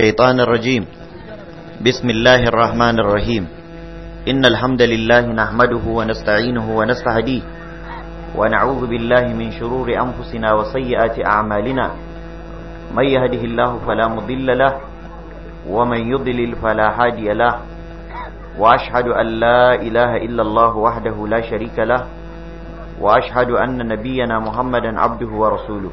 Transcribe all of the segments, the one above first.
الشيطان الرجيم بسم الله الرحمن الرحيم إن الحمد لله نحمده ونستعينه ونستهديه ونعوذ بالله من شرور أنفسنا وسيئات أعمالنا من يهده الله فلا مضل له ومن يضلل فلا هادي له وأشهد أن لا إله إلا الله وحده لا شريك له وأشهد أن نبينا محمدا عبده ورسوله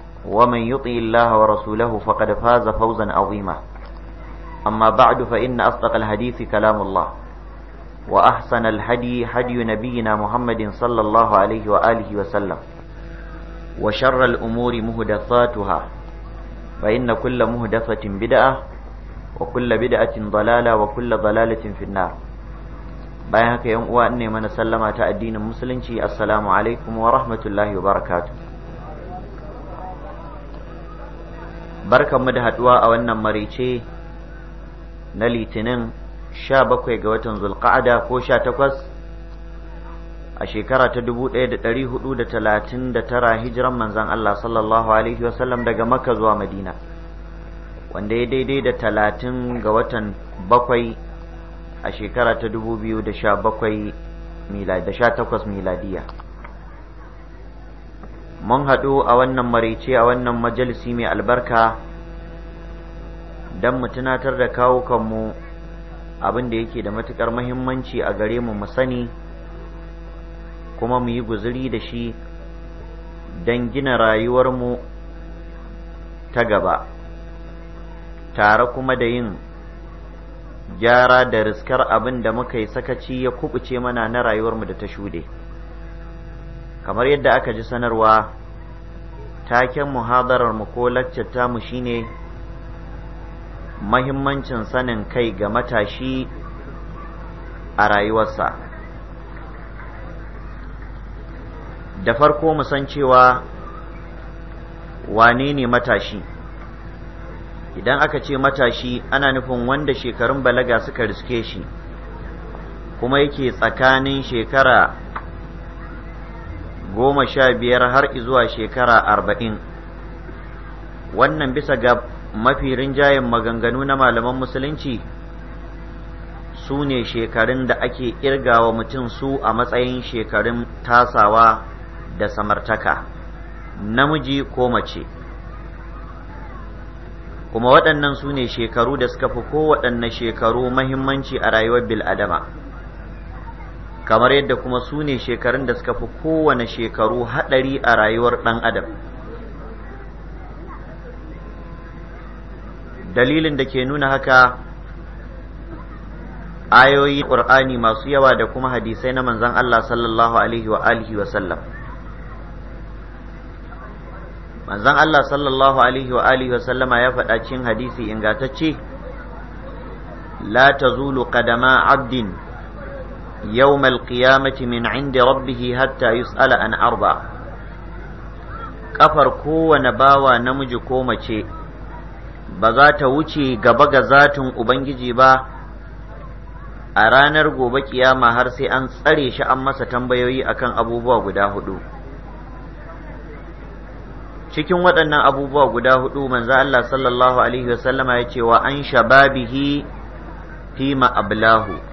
ومن يطع الله ورسوله فقد فاز فوزا عظيما أما بعد فإن أصدق الحديث كلام الله وأحسن الهدي هدي نبينا محمد صلى الله عليه وآله وسلم وشر الأمور مهدثاتها فإن كل مهدثة بدعة وكل بدعة ضلالة وكل ضلالة في النار bayan haka yan uwa ne mana sallama ta addinin musulunci assalamu alaikum wa rahmatullahi wa barakatuh barkanmu da haduwa a wannan marice na litinin 17 ga watan zulqa'ada ko 18 a shekara ta 1439 hijiran manzon Allah sallallahu alaihi wasallam daga Makka zuwa Madina wanda ya daidai da 30 ga watan 7 a shekara ta 2017 miladiya mun haɗu a wannan maraice a wannan majalisi mai albarka don mu tunatar da kawukanmu kanmu abin da yake da matuƙar mahimmanci a gare mu mu sani kuma mu yi guzuri da shi don gina rayuwarmu ta gaba tare kuma da yin gyara da riskar abin da muka yi sakaci ya kubuce mana na rayuwarmu da ta shuɗe. kamar yadda aka ji sanarwa taken muhadarar mu ko laccar tamu shine mahimmancin sanin kai ga matashi a rayuwarsa da farko mu san cewa wane ne matashi idan aka ce matashi ana nufin wanda shekarun balaga suka riske shi kuma yake tsakanin shekara goma sha biyar har zuwa shekara arba'in wannan bisa ga mafi rinjayen maganganu na malaman musulunci su ne shekarun da ake irgawa mutum su a matsayin shekarun tasawa da samartaka namiji ko mace kuma waɗannan su ne shekaru da suka fi kowaɗanne shekaru mahimmanci a rayuwar bil'adama kamar yadda kuma su ne shekarun da suka fi kowane shekaru haɗari a rayuwar ɗan adam dalilin da ke nuna haka ayoyi ƙur'ani masu yawa da kuma hadisai na manzan Allah sallallahu alaihi wa alihi wa sallam manzan Allah sallallahu alaihi wa alihi wa sallama ya faɗa cikin hadisi ingantacce la tazulu qadama abdin يوم القيامة من عند ربه حتى يسأل عن أربع kafar kowane bawa namiji ko mace ba za ta wuce gaba ga zatin Ubangiji ba a ranar gobe ƙiyama har sai an tsare shi an masa tambayoyi akan abubuwa guda hudu cikin waɗannan abubuwa guda hudu manzo Allah sallallahu alaihi wasallama ya ce wa an Babihi, Fima ma'ablahu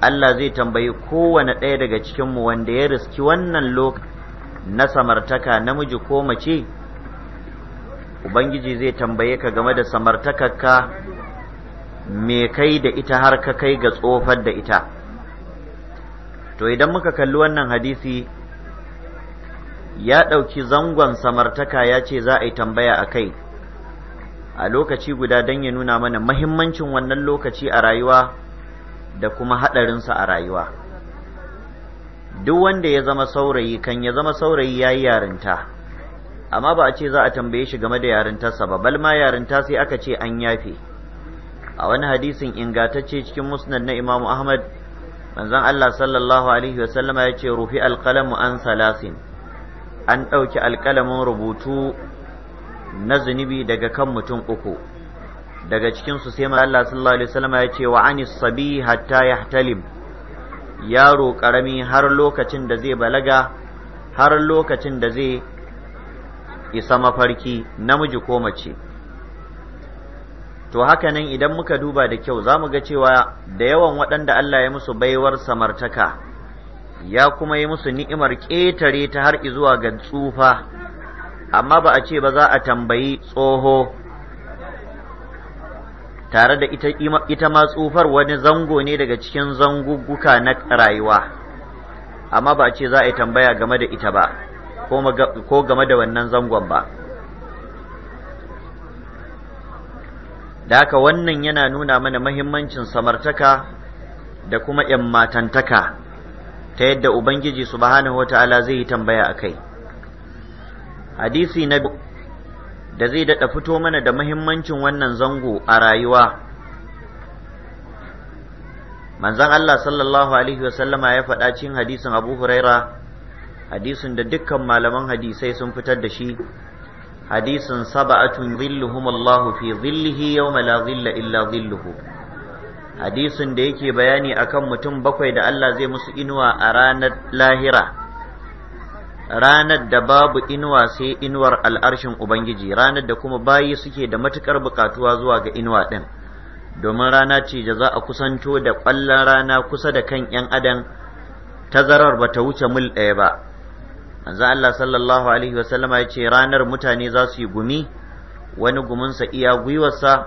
Allah zai tambayi kowane ɗaya daga cikinmu wanda ya riski wannan lokaci na samartaka namiji ko mace Ubangiji zai tambaye ka game da samartakarka me kai da ita har ka kai ga tsofar da ita to idan muka kalli wannan hadisi ya ɗauki zangon samartaka ya ce za a yi tambaya a kai a lokaci guda don ya nuna mana mahimmancin wannan lokaci a rayuwa da kuma haɗarinsa a rayuwa duk wanda ya zama saurayi kan ya zama saurayi ya yi yarinta amma ba a ce za a tambaye shi game da yarintarsa ba bal ma yarinta sai aka ce an yafe a wani hadisin ingatacce cikin musnad na Imam ahmad manzon allah sallallahu alaihi wasallama ya ce rufi alƙalamu an salasin an ɗauki alƙalamin rubutu na zunubi daga kan mutum uku daga cikin su sai Allah sallallahu alaihi wasallam ya ce wa anis sabi hatta yahtalim yaro karami har lokacin da zai balaga har lokacin da zai isa mafarki namiji ko mace to haka nan idan muka duba da kyau za mu ga cewa da yawan waɗanda Allah ya musu baiwar samartaka ya kuma yi musu ni'imar ƙetare ta har izuwa ga tsufa amma ba a ce ba za a tambayi tsoho tare da ita, ita ma tsufar wani zango ne daga cikin zangugguka na rayuwa amma ba a ce za a yi tambaya game da ita ba ko game da wannan zangon ba da haka wannan yana nuna mana mahimmancin samartaka da kuma ‘yan matantaka ta yadda Ubangiji subhanahu wa ta'ala zai yi tambaya a kai hadisi na da zai daɗa fito mana da muhimmancin wannan zango a rayuwa manzon Allah sallallahu alaihi wasallama ya faɗa cikin hadisin Abu Huraira hadisin da dukkan malaman hadisai sun fitar da shi hadisin sab'atun dhilluhum Allah fi dhillihi yawma la dhilla illa dhilluhu hadisin da yake bayani akan mutum bakwai da Allah zai musu inuwa a ranar lahira ranar da babu inuwa sai inuwar al'arshin Ubangiji, ranar da kuma bayi suke da matuƙar bukatuwa zuwa ga inuwa ɗin, domin rana ce da za a kusanto da ƙwallon rana kusa da kan ‘yan adam tazarar ba ta wuce mul ɗaya ba. Manzo Allah sallallahu Alaihi wasallama ya ce ranar mutane za su yi gumi, wani guminsa iya gwiwarsa,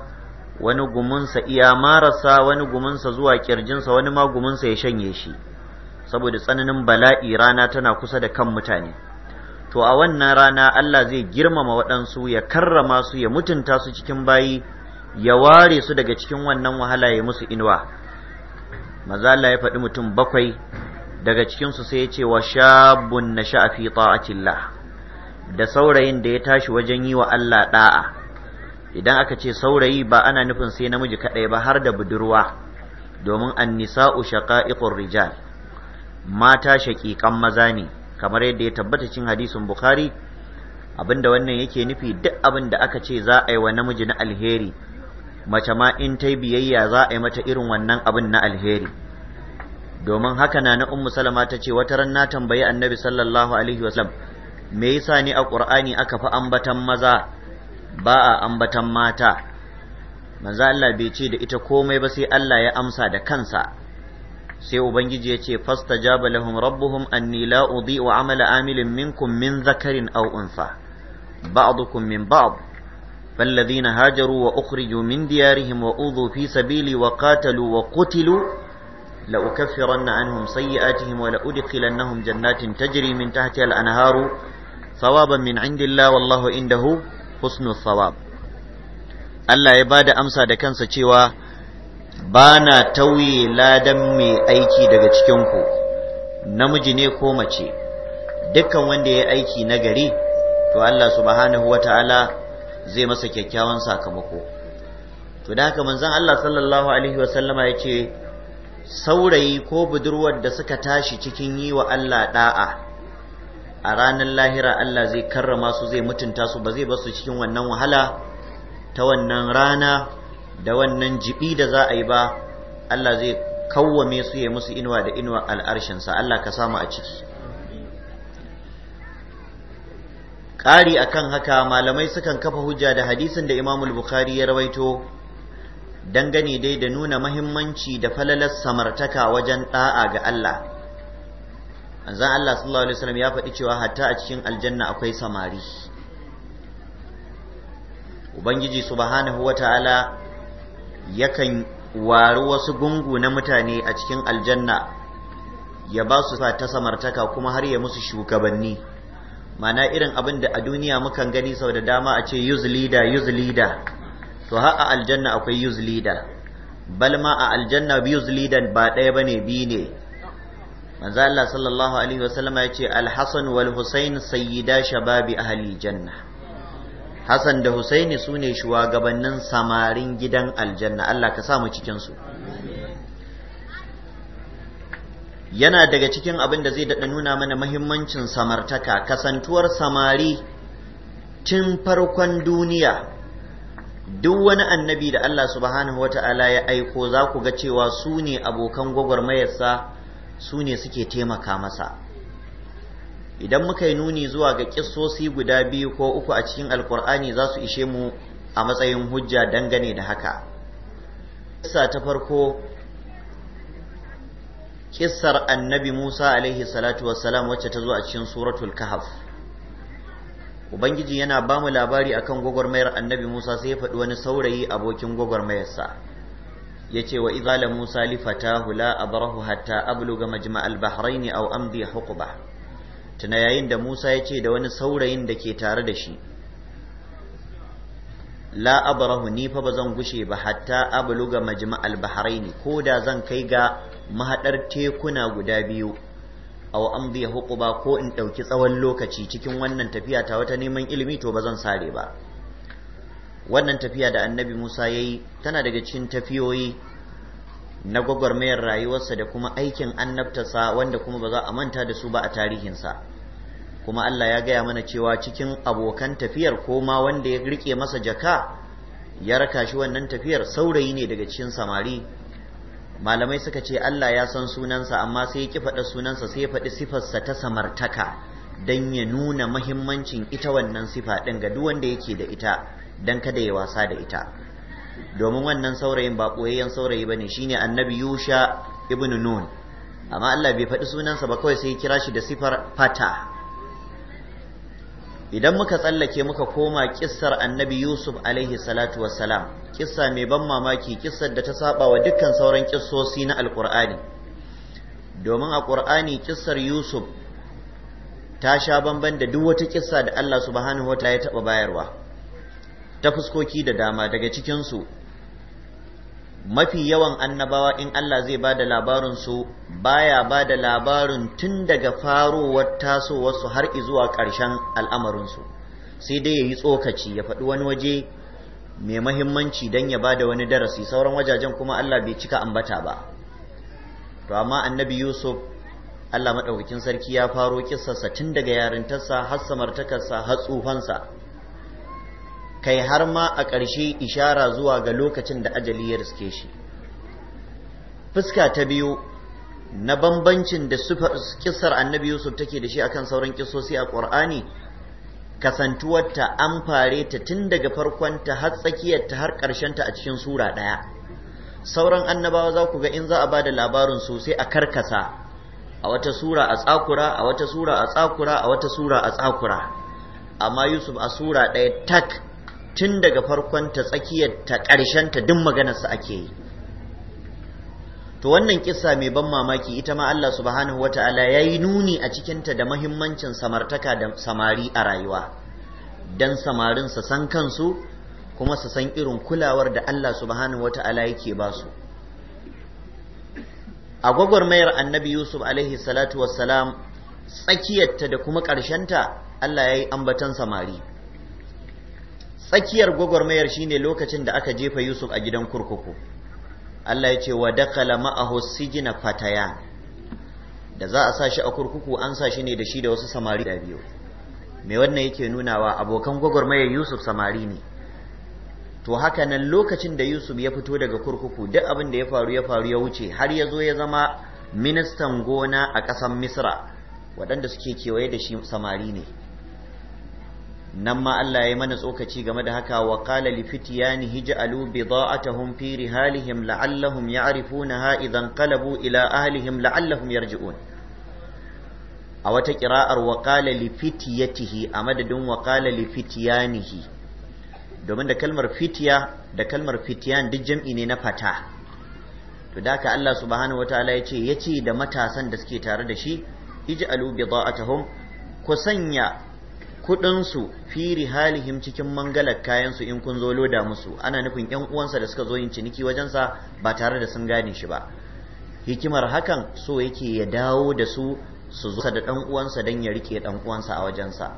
wani guminsa iya marasa, wani guminsa zuwa ƙirjinsa, wani ma guminsa ya shanye shi. saboda tsananin bala'i rana tana kusa da kan mutane to a wannan rana Allah zai girmama waɗansu ya karrama su ya mutunta su cikin bayi ya ware su daga cikin wannan wahala ya musu inuwa maza Allah ya faɗi mutum bakwai daga cikinsu sai ya ce wa shabun na sha'afi ta'atillah da saurayin da ya tashi wajen yi wa Allah ɗa'a idan aka ce saurayi ba ana nufin sai namiji kaɗai ba har da budurwa domin nisa'u shaqa'iqur rijal mata shaƙiƙan maza ne kamar yadda ya tabbata cin hadisin bukhari abinda wannan yake nufi duk abin da aka ce za a yi wa namiji na alheri mace ma in ta biyayya za a yi mata irin wannan abin na alheri domin haka na na ummu salama ta ce wata ran na tambayi annabi sallallahu alaihi wasallam me yasa ne a qur'ani aka fi ambatan maza ba a ambatan mata manzo Allah bai ce da ita komai ba sai Allah ya amsa da kansa sai ubangiji ya ce fastajaba lahum rabbuhum anni la udhi'u amala amilin minkum min dhakarin aw unsa ba'dukum min ba'd فالذين هاجروا وأخرجوا من ديارهم وأوذوا في سبيلي وقاتلوا وقتلوا لأكفرن عنهم سيئاتهم ولأدخلنهم جنات تجري من تحتها الأنهار ثوابا من عند الله والله عنده حسن الثواب Allah ya ba da amsa da kansa cewa ba na tauye ladan mai aiki daga cikinku namiji ne ko mace dukkan wanda ya aiki na gari to Allah subhanahu wata'ala zai masa kyakkyawan sakamako to da haka manzon Allah sallallahu alaihi wasallama ya ce saurayi ko budurwar da suka tashi cikin yi wa Allah da'a a ranar lahira Allah zai karrama su zai mutunta su ba zai basu cikin wannan wahala ta wannan rana da wannan jibi da za a yi ba Allah zai kawwame su ya musu inuwa da inuwa al'arshinsa Allah ka samu a ciki ƙari akan haka malamai sukan kafa hujja da hadisin da imamul bukhari ya rawaito dangane dai da nuna mahimmanci da falalar samartaka wajen ɗa'a ga Allah manzon Allah sallallahu alaihi wasallam ya faɗi cewa hatta a cikin aljanna akwai samari ubangiji subhanahu wata'ala yakan wari wasu gungu na mutane a cikin aljanna ya ba su ta samartaka kuma har ya musu shugabanni mana irin abin da a duniya mukan gani sau da dama a ce yuz leader use leader to ha a aljanna akwai use leader bal ma a aljanna use leader ba ɗaya bane biyu ne manzo Allah sallallahu alaihi wasallama ya ce al-Hasan wal husayn sayyida shababi ahli janna Hassan da Husaini su ne shugabannin samarin gidan aljanna Allah ka samu cikinsu yana daga cikin abin da zai daɗa nuna mana mahimmancin samartaka kasantuwar samari tun farkon duniya duk wani annabi da Allah subhanahu Ta'ala ya aiko za ku ga cewa su ne abokan gwagwarmayarsa su ne suke taimaka masa idan muka yi nuni zuwa ga kissosi guda biyu ko uku a cikin alkur'ani za su ishe mu a matsayin hujja dangane da haka kissa ta farko kissar annabi musa alaihi salatu wassalam wacce ta zo a cikin suratul kahf ubangiji yana ba mu labari akan gwagwarmayar annabi musa sai ya faɗi wani saurayi abokin gwagwarmayarsa ya ce wa izala musa li fatahu la abrahu hatta abluga majma'al bahraini aw amdi huqba tuna yayin da Musa ya ce da wani saurayin da ke tare da shi la abrahu ni fa ba zan gushe ba hatta abluga majma'al bahraini ko da zan kai ga mahadar tekuna guda biyu aw amdi huquba ko in dauki tsawon lokaci cikin wannan tafiya ta wata neman ilimi to ba zan sare ba wannan tafiya da annabi Musa yayi tana daga cikin tafiyoyi na gwagwarmayar rayuwarsa da kuma aikin annabtasa wanda kuma ba za a manta da su ba a tarihinsa kuma Allah ya gaya mana cewa cikin abokan tafiyar koma wanda ya rike masa jaka ya raka shi wannan tafiyar saurayi ne daga cikin samari malamai suka ce Allah ya san sunansa amma sai ya ki faɗa sunansa sai ya faɗi sifarsa ta samartaka don ya nuna mahimmancin ita wannan sifa ɗin ga duk wanda yake da ita don kada ya wasa da ita domin wannan saurayin ba ɓoyayyen saurayi bane shine annabi yusha ibn nun amma Allah bai faɗi sunansa ba kawai sai kira shi da sifar fata idan muka tsallake muka koma kissar annabi yusuf alaihi salatu wassalam kissa mai ban mamaki kissar da ta saba wa dukkan sauran kissosi na alkur'ani domin a ƙur'ani kissar yusuf ta sha bamban da duk wata kissa da Allah subhanahu wa ya taɓa bayarwa ta fuskoki da dama daga cikinsu mafi yawan annabawa in Allah zai bada da labarinsu baya ba da labarin tun daga farowar tasowarsu har zuwa ƙarshen al'amarinsu sai dai ya yi tsokaci ya faɗi wani waje mai mahimmanci don ya ba da wani darasi sauran wajajen kuma Allah bai cika ambata ba to amma annabi yusuf Allah maɗaukakin sarki ya faro kissarsa tun daga yarintarsa har samartakarsa har tsufansa kai har ma a ƙarshe ishara zuwa ga lokacin da ajali ya riske shi fuska ta biyu na bambancin da kisar annabi yusuf take da shi akan sauran kisosi a ƙur'ani kasantuwarta an fare ta tun daga farkonta har tsakiyarta har ƙarshenta a cikin sura ɗaya sauran annabawa za ku ga in za a ba da labarin sosai a karkasa a wata sura a tsakura a wata sura a tsakura a wata sura a tsakura amma yusuf a sura ɗaya tak tun daga farkon ta tsakiyar ta duk maganarsa ake yi to wannan kissa mai ban mamaki ita ma Allah subhanahu wata'ala ya yi nuni a cikinta da mahimmancin samartaka da samari a rayuwa Dan samarin su san kansu kuma su san irin kulawar da Allah subhanahu wata'ala yake ba su a gwagwarmayar annabi yusuf alaihi salatu wassalam tsakiyarta da kuma ƙarshenta Allah ya yi ambatan samari tsakiyar gwagwarmayar shine lokacin da aka jefa Yusuf a gidan kurkuku Allah ya ce wa dakala ma'ahu sijina fataya da za a sa shi a kurkuku an sa shi ne da shi da wasu samari da biyu me wannan yake nunawa abokan gwagwarmayar Yusuf samari ne to haka nan lokacin da Yusuf ya fito daga kurkuku duk abin da ya faru ya faru ya wuce har ya zo ya zama ministan gona a ƙasar Misra waɗanda suke kewaye da shi samari ne nan ma Allah ya mana tsokaci game da haka wa qala li fityani hij'alu bida'atahum fi rihalihim la'allahum ya'rifunaha idan qalabu ila ahlihim la'allahum yarji'un a wata qira'ar wa qala li fityatihi a madadin wa qala li fityanihi domin da kalmar fitiya da kalmar fitiyan duk jam'i ne na fata to da ka Allah subhanahu wataala ya ce yace da matasan da suke tare da shi ij'alu bida'atahum ku sanya su firi rihalihim cikin mangalar kayansu in kun zo loda musu ana nufin yan uwansa da suka zo yin ciniki wajensa ba tare da sun gane shi ba hikimar hakan so yake ya dawo da su su zo da ɗan uwansa dan ya rike ɗan uwansa a wajensa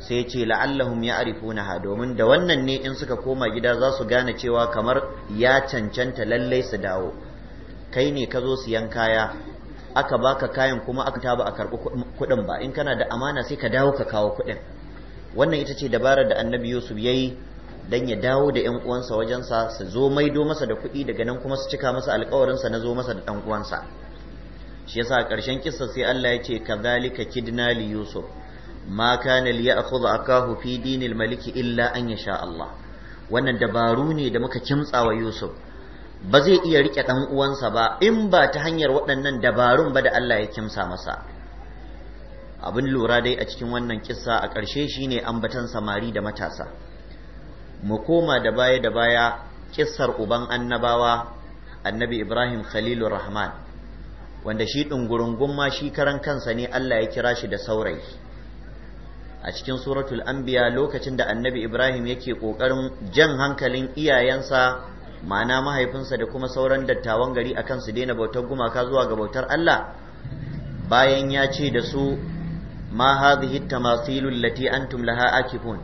sai ce la'allahum ya arifunaha domin da wannan ne in suka koma gida za su gane cewa kamar ya cancanta lallai su dawo kai ne ka zo siyan kaya aka baka kayan kuma aka taba a karɓi kuɗin ba in kana da amana sai ka dawo ka kawo kuɗin wannan ita ce dabarar da annabi yusuf ya yi don ya dawo da yan uwansa wajensa su zo maido masa da kuɗi daga nan kuma su cika masa alkawarinsa na zo masa da ɗan uwansa shi yasa a ƙarshen kissa sai Allah ya ce kadhalika kidna li yusuf ma kana li ya'khudha akahu fi dinil maliki illa an yasha Allah wannan dabaru ne da muka kimtsa yusuf ba zai iya rike ɗan uwansa ba in ba ta hanyar waɗannan dabarun ba da Allah ya kimsa masa abin lura dai a cikin wannan kissa a ƙarshe shine ambatan samari da matasa mu koma da baya da baya kissar uban annabawa annabi Ibrahim Khalilur Rahman wanda shi ɗungurungun ma shi karan kansa ne Allah ya kira shi da saurayi a cikin suratul anbiya lokacin da annabi ibrahim yake ƙoƙarin jan hankalin iyayensa ma'ana mahaifinsa da kuma sauran dattawan gari akan su daina bautar gumaka zuwa ga bautar Allah bayan ya ce da su ma hadhihi tamasilu allati antum laha akifun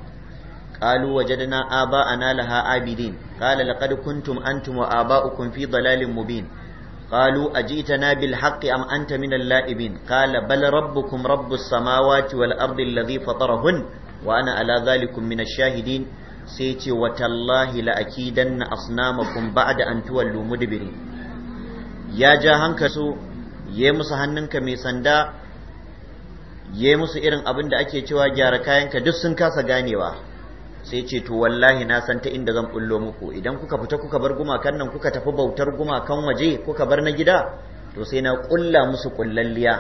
qalu wajadna aba'ana laha abidin qala laqad kuntum antum wa aba'ukum fi dalalin mubin قالوا أجئتنا بالحق la'ibin. أنت من اللائبين قال rabbu ربكم رب السماوات والأرض الذي فطرهن وأنا على ذلك من shahidin? sai ce wa tallahi la'akidanna asnamakum ba'da an tuwallu mudbirin ya ja hanka ya yayi musu hannunka mai sanda yayi musu irin abin da ake cewa gyara kayanka duk sun kasa ganewa sai ce to wallahi na san ta inda zan bullo muku idan kuka fita kuka bar gumakan nan kuka tafi bautar gumakan waje kuka bar na gida to sai na kulla musu kullalliya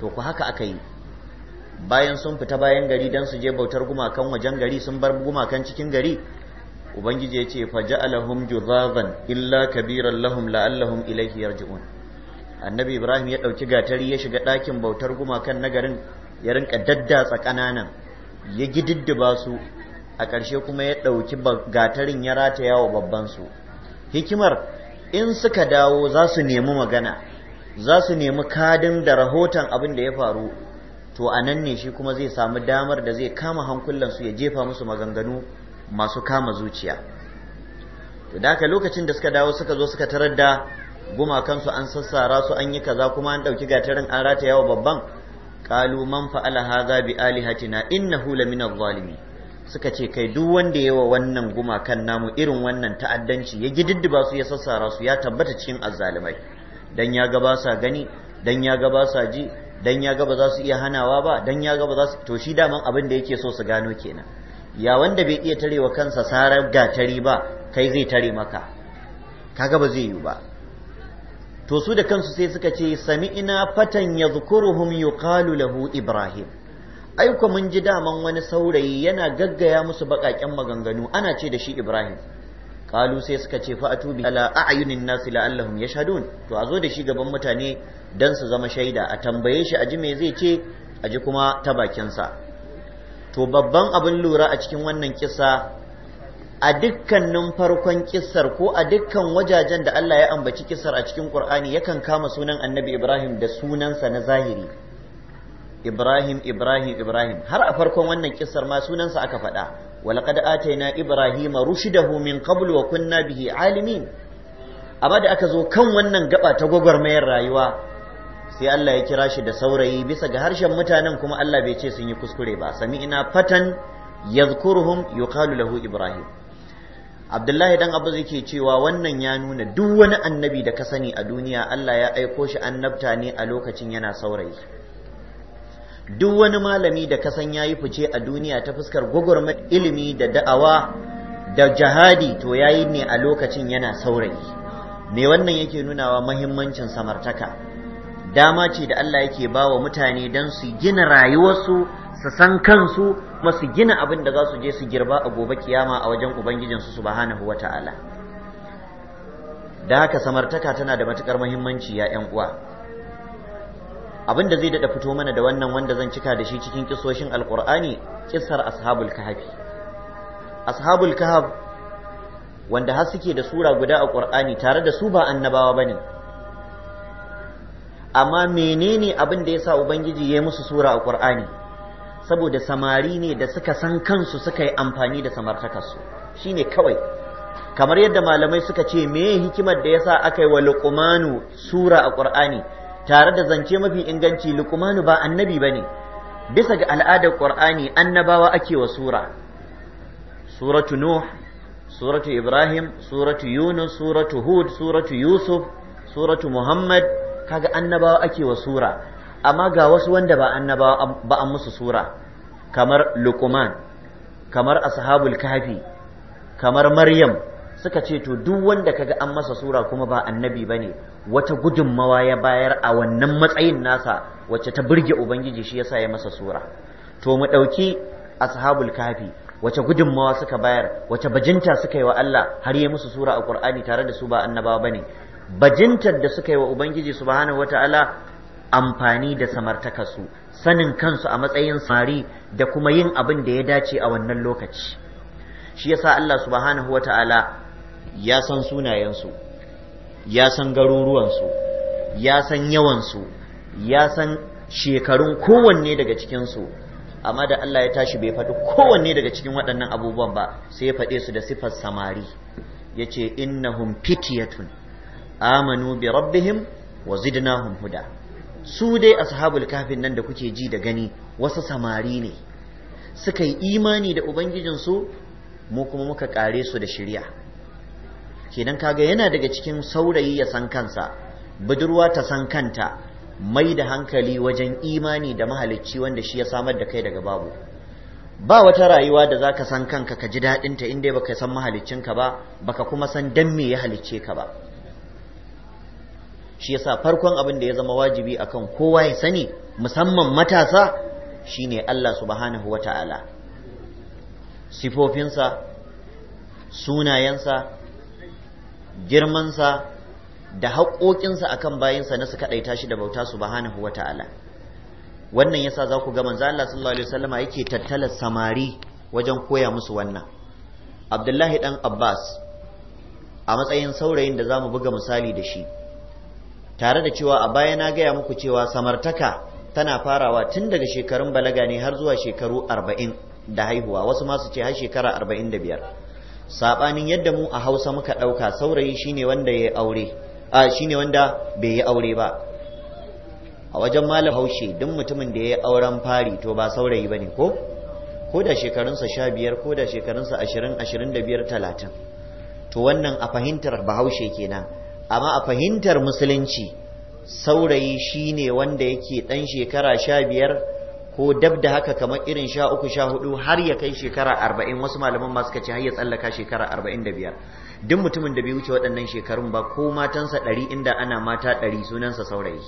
to ku haka aka yi bayan sun fita bayan gari don su je bautar gumakan wajen gari sun bar gumakan cikin gari ubangiji ya ce faja'alahum juzazan illa kabiran lahum la'allahum ilaihi yarji'un annabi ibrahim ya dauki gatari ya shiga ɗakin bautar gumakan na garin ya rinka daddatsa ƙananan ya gididdiba su a ƙarshe kuma ya ɗauki gatarin ya rataya wa babban su hikimar in suka dawo za su nemi magana za su nemi kadin da rahoton abin da ya faru to a nan ne shi kuma zai samu damar da zai kama hankulansu ya jefa musu maganganu masu kama zuciya to da haka lokacin da suka dawo suka zo suka tarar da gumakansu an sassara su an yi kaza kuma an ɗauki gatarin an rata wa babban kalu man fa'ala hadha bi alihatina innahu lamina zalimi suka ce kai duk wanda yawa wannan gumakan namu irin wannan ta'addanci ya gididdiba su ya sassara su ya tabbata cikin azzalumai dan ya ga ba sa gani dan ya ga ba sa ji dan ya ga ba za su iya hanawa ba dan ya ga ba za su to shi daman abin da yake so su gano kenan ya wanda bai iya tarewa kansa sarar gatari ba kai zai tare maka kaga ba zai yi ba to su da kansu sai suka ce sami'ina fatan yadhkuruhum yuqalu lahu ibrahim ai mun ji daman wani saurayi yana gaggaya musu baƙaƙen maganganu ana ce da shi ibrahim qalu sai suka ce fa atubi ala a'yunin nasi la'allahum yashhadun to a zo da shi gaban mutane dan su zama shaida a tambaye shi aji me zai ce aji kuma ta bakin sa to babban abin lura a cikin wannan kissa a dukkanin farkon kissar ko a dukkan wajajen da Allah ya ambaci kissar a cikin Qur'ani yakan kama sunan Annabi Ibrahim da sunansa na zahiri Ibrahim Ibrahim Ibrahim har a farkon wannan kissar ma sunansa aka faɗa ولقد آتينا إبراهيم رشده من قبل وكنا به عالمين أما da aka zo kan wannan gaba ta gwagwarmayar rayuwa sai Allah ya kira shi da saurayi bisa ga harshen mutanen kuma Allah bai ce sun yi kuskure ba sami ina fatan yadhkuruhum yuqalu lahu ibrahim Abdullahi dan Abu yake cewa wannan ya nuna duk wani annabi da ka sani a duniya Allah ya aiko shi annabta ne a lokacin yana saurayi duk wani malami da kasan ya yi fice a duniya ta fuskar gwagwarmar ilimi da da'awa da jihadi to ya yi ne a lokacin yana saurayi me wannan yake nunawa mahimmancin samartaka dama ce da Allah yake ba wa mutane don su gina rayuwarsu su san kansu kuma su gina abin da za su je su girba a gobe kiyama a wajen ubangijinsu su subhanahu ta'ala da haka samartaka tana da matukar mahimmanci ya 'yan uwa abin da zai daɗa fito mana da wannan wanda zan cika da shi cikin kisoshin alkur'ani kisar ashabul kahf ashabul kahf wanda har suke da sura guda a ƙur'ani tare da su ba annabawa ba ne amma menene abin da ya sa ubangiji ya musu sura a ƙur'ani saboda samari ne da suka san kansu suka yi amfani da samartakarsu shine kawai kamar yadda malamai suka ce me hikimar da yasa aka yi wa luqmanu sura a ƙur'ani tare da zance mafi inganci lukmanu ba annabi bane bisa ga al'adar qur'ani annabawa ake wa sura suratu nuh suratu ibrahim suratu yunus suratu hud suratu yusuf suratu muhammad kaga annabawa ake wa sura amma ga wasu wanda ba annabawa ba an musu sura kamar lukman kamar ashabul kahfi kamar maryam suka ce to duk wanda kaga an masa sura kuma ba annabi bane wata gudunmawa ya bayar a wannan matsayin nasa wacce ta burge ubangiji shi yasa ya masa sura to mu ɗauki ashabul kafi wace gudunmawa suka bayar wace bajinta suka yi wa Allah har ya musu sura a Qur'ani tare da su ba annabawa bane bajintar da suka yi wa ubangiji subhanahu wataala amfani da samartakarsu sanin kansu a matsayin samari da kuma yin abin da ya dace a wannan lokaci shi yasa Allah subhanahu wataala ya san sunayensu ya san garuruwansu ya san yawansu ya san shekarun kowanne daga cikinsu amma da Allah ya tashi bai faɗi kowanne daga cikin waɗannan abubuwan ba sai ya faɗe su da sifar samari ya ce innahum fitiyatun amanu bi rabbihim wa zidnahum huda su dai ashabul kafin nan da kuke ji da gani wasu samari ne suka yi imani da ubangijinsu mu kuma muka kare su da shirya kenan kaga yana daga cikin saurayi ya san kansa budurwa ta san kanta mai da hankali wajen imani da mahalicci wanda shi ya samar da kai daga babu ba wata rayuwa da zaka san kanka ka ji daɗinta in dai baka san mahaliccin ka ba baka kuma san dan me ya halicce ka ba shi yasa farkon abin da ya zama wajibi akan kowa ya sani musamman matasa shine Allah subhanahu wata'ala sifofinsa sunayensa girmansa da haƙoƙinsa akan bayinsa na su kaɗaita shi da bauta subhanahu wa ta'ala wannan yasa za ku ga manzo Allah sallallahu alaihi wasallama yake tattala samari wajen koya musu wannan Abdullahi ɗan Abbas a matsayin saurayin da zamu buga misali da shi tare da cewa a baya na gaya muku cewa samartaka tana farawa tun daga shekarun balaga ne har zuwa shekaru arba'in da haihuwa wasu masu ce har shekara arba'in da biyar sabanin yadda mu a Hausa muka dauka saurayi shine wanda ya aure a shine wanda bai yi aure ba a wajen malam Haushe duk mutumin da ya yi auren fari to ba saurayi bane ko ko da shekarunsa sha biyar ko da shekarunsa ashirin ashirin da biyar talatin to wannan a fahimtar bahaushe kenan amma a fahimtar musulunci saurayi shine wanda yake dan shekara sha biyar ko dab da haka kamar irin sha uku sha hudu har ya kai shekara arba'in wasu malaman ma suka ce har ya tsallaka shekara arba'in da biyar duk mutumin da bai wuce waɗannan shekarun ba ko matansa ɗari inda ana mata ɗari sunansa saurayi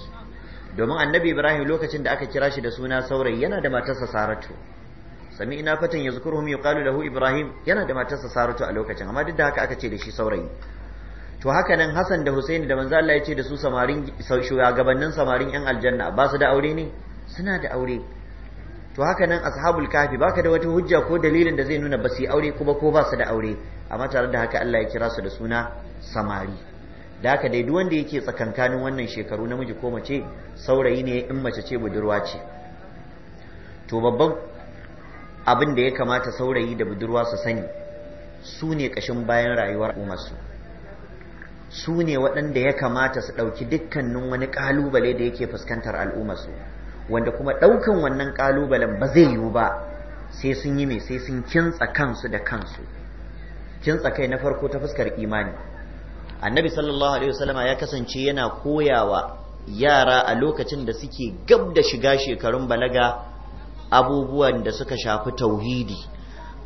domin annabi ibrahim lokacin da aka kira shi da suna saurayi yana da matarsa saratu sami ina fatan ya zukurhum yuqalu lahu ibrahim yana da matarsa saratu a lokacin amma duk da haka aka ce da shi saurayi to haka nan Hassan da husain da manzo Allah ya ce da su samarin shugabannin samarin yan aljanna ba su da aure ne suna da aure to haka nan ashabul kafi baka da wata hujja ko dalilin da zai nuna ba aure kuma ko ba su da aure amma tare da haka Allah ya kira su da suna samari da haka dai duk wanda yake tsakankanin wannan shekaru namiji ko mace saurayi ne in mace ce budurwa ce to babban abin da ya kamata saurayi da budurwa su sani su ne kashin bayan rayuwar umarsu su ne waɗanda ya kamata su ɗauki dukkanin wani ƙalubale da yake fuskantar al'ummarsu wanda kuma ɗaukan wannan ƙalubalen ba zai yiwu ba sai sun yi mai sai sun kintsa kansu da kansu kintsa kai na farko ta fuskar imani annabi sallallahu alaihi wasallama ya kasance yana koyawa yara a lokacin da suke gab da shiga shekarun balaga abubuwan da suka shafi tauhidi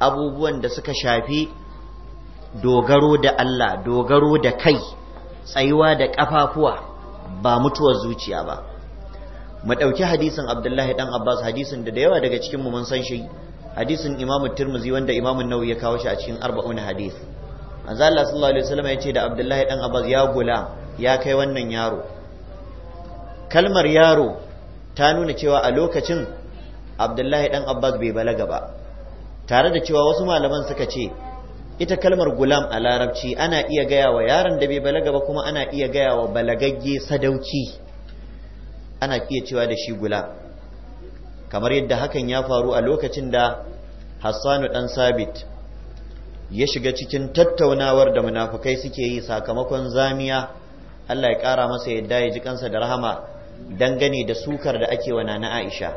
abubuwan da suka shafi dogaro da Allah dogaro da kai tsayuwa da ƙafafuwa ba mutuwar zuciya ba mu ɗauki hadisin abdullahi dan abbas hadisin da da yawa daga cikin mu mun san shi hadisin imamu tirmizi wanda imamu nawawi ya kawo shi a cikin arba'un hadis manzo Allah sallallahu alaihi wasallam ya ce da abdullahi dan abbas ya gula ya kai wannan yaro kalmar yaro ta nuna cewa a lokacin abdullahi dan abbas bai balaga ba tare da cewa wasu malaman suka ce ita kalmar gulam a larabci ana iya gaya wa yaron da bai balaga ba kuma ana iya gaya wa balagagge sadauki ana iya cewa da shi gula kamar yadda hakan ya faru a lokacin da hassanu ɗan sabit ya shiga cikin tattaunawar da munafukai suke yi sakamakon zamiya Allah ya kara masa yadda ya ji kansa da rahama dangane da sukar da ake wa na Aisha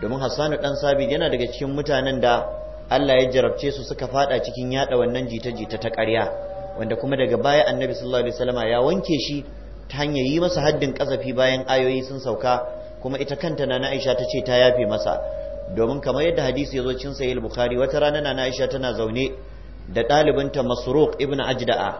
domin Hassanu ɗan Sabit yana daga cikin mutanen da Allah ya jarabce su suka fada cikin yada wannan jita-jita ta ƙarya wanda kuma daga baya Annabi sallallahu alaihi wasallama ya wanke shi ta hanyar yi masa haddin kazafi bayan ayoyi sun sauka kuma ita kanta na Aisha ta ce ta yafe masa domin kamar yadda hadisi ya zo cin sahih bukhari wata rana na Aisha tana zaune da dalibinta Masruq ibn Ajda'a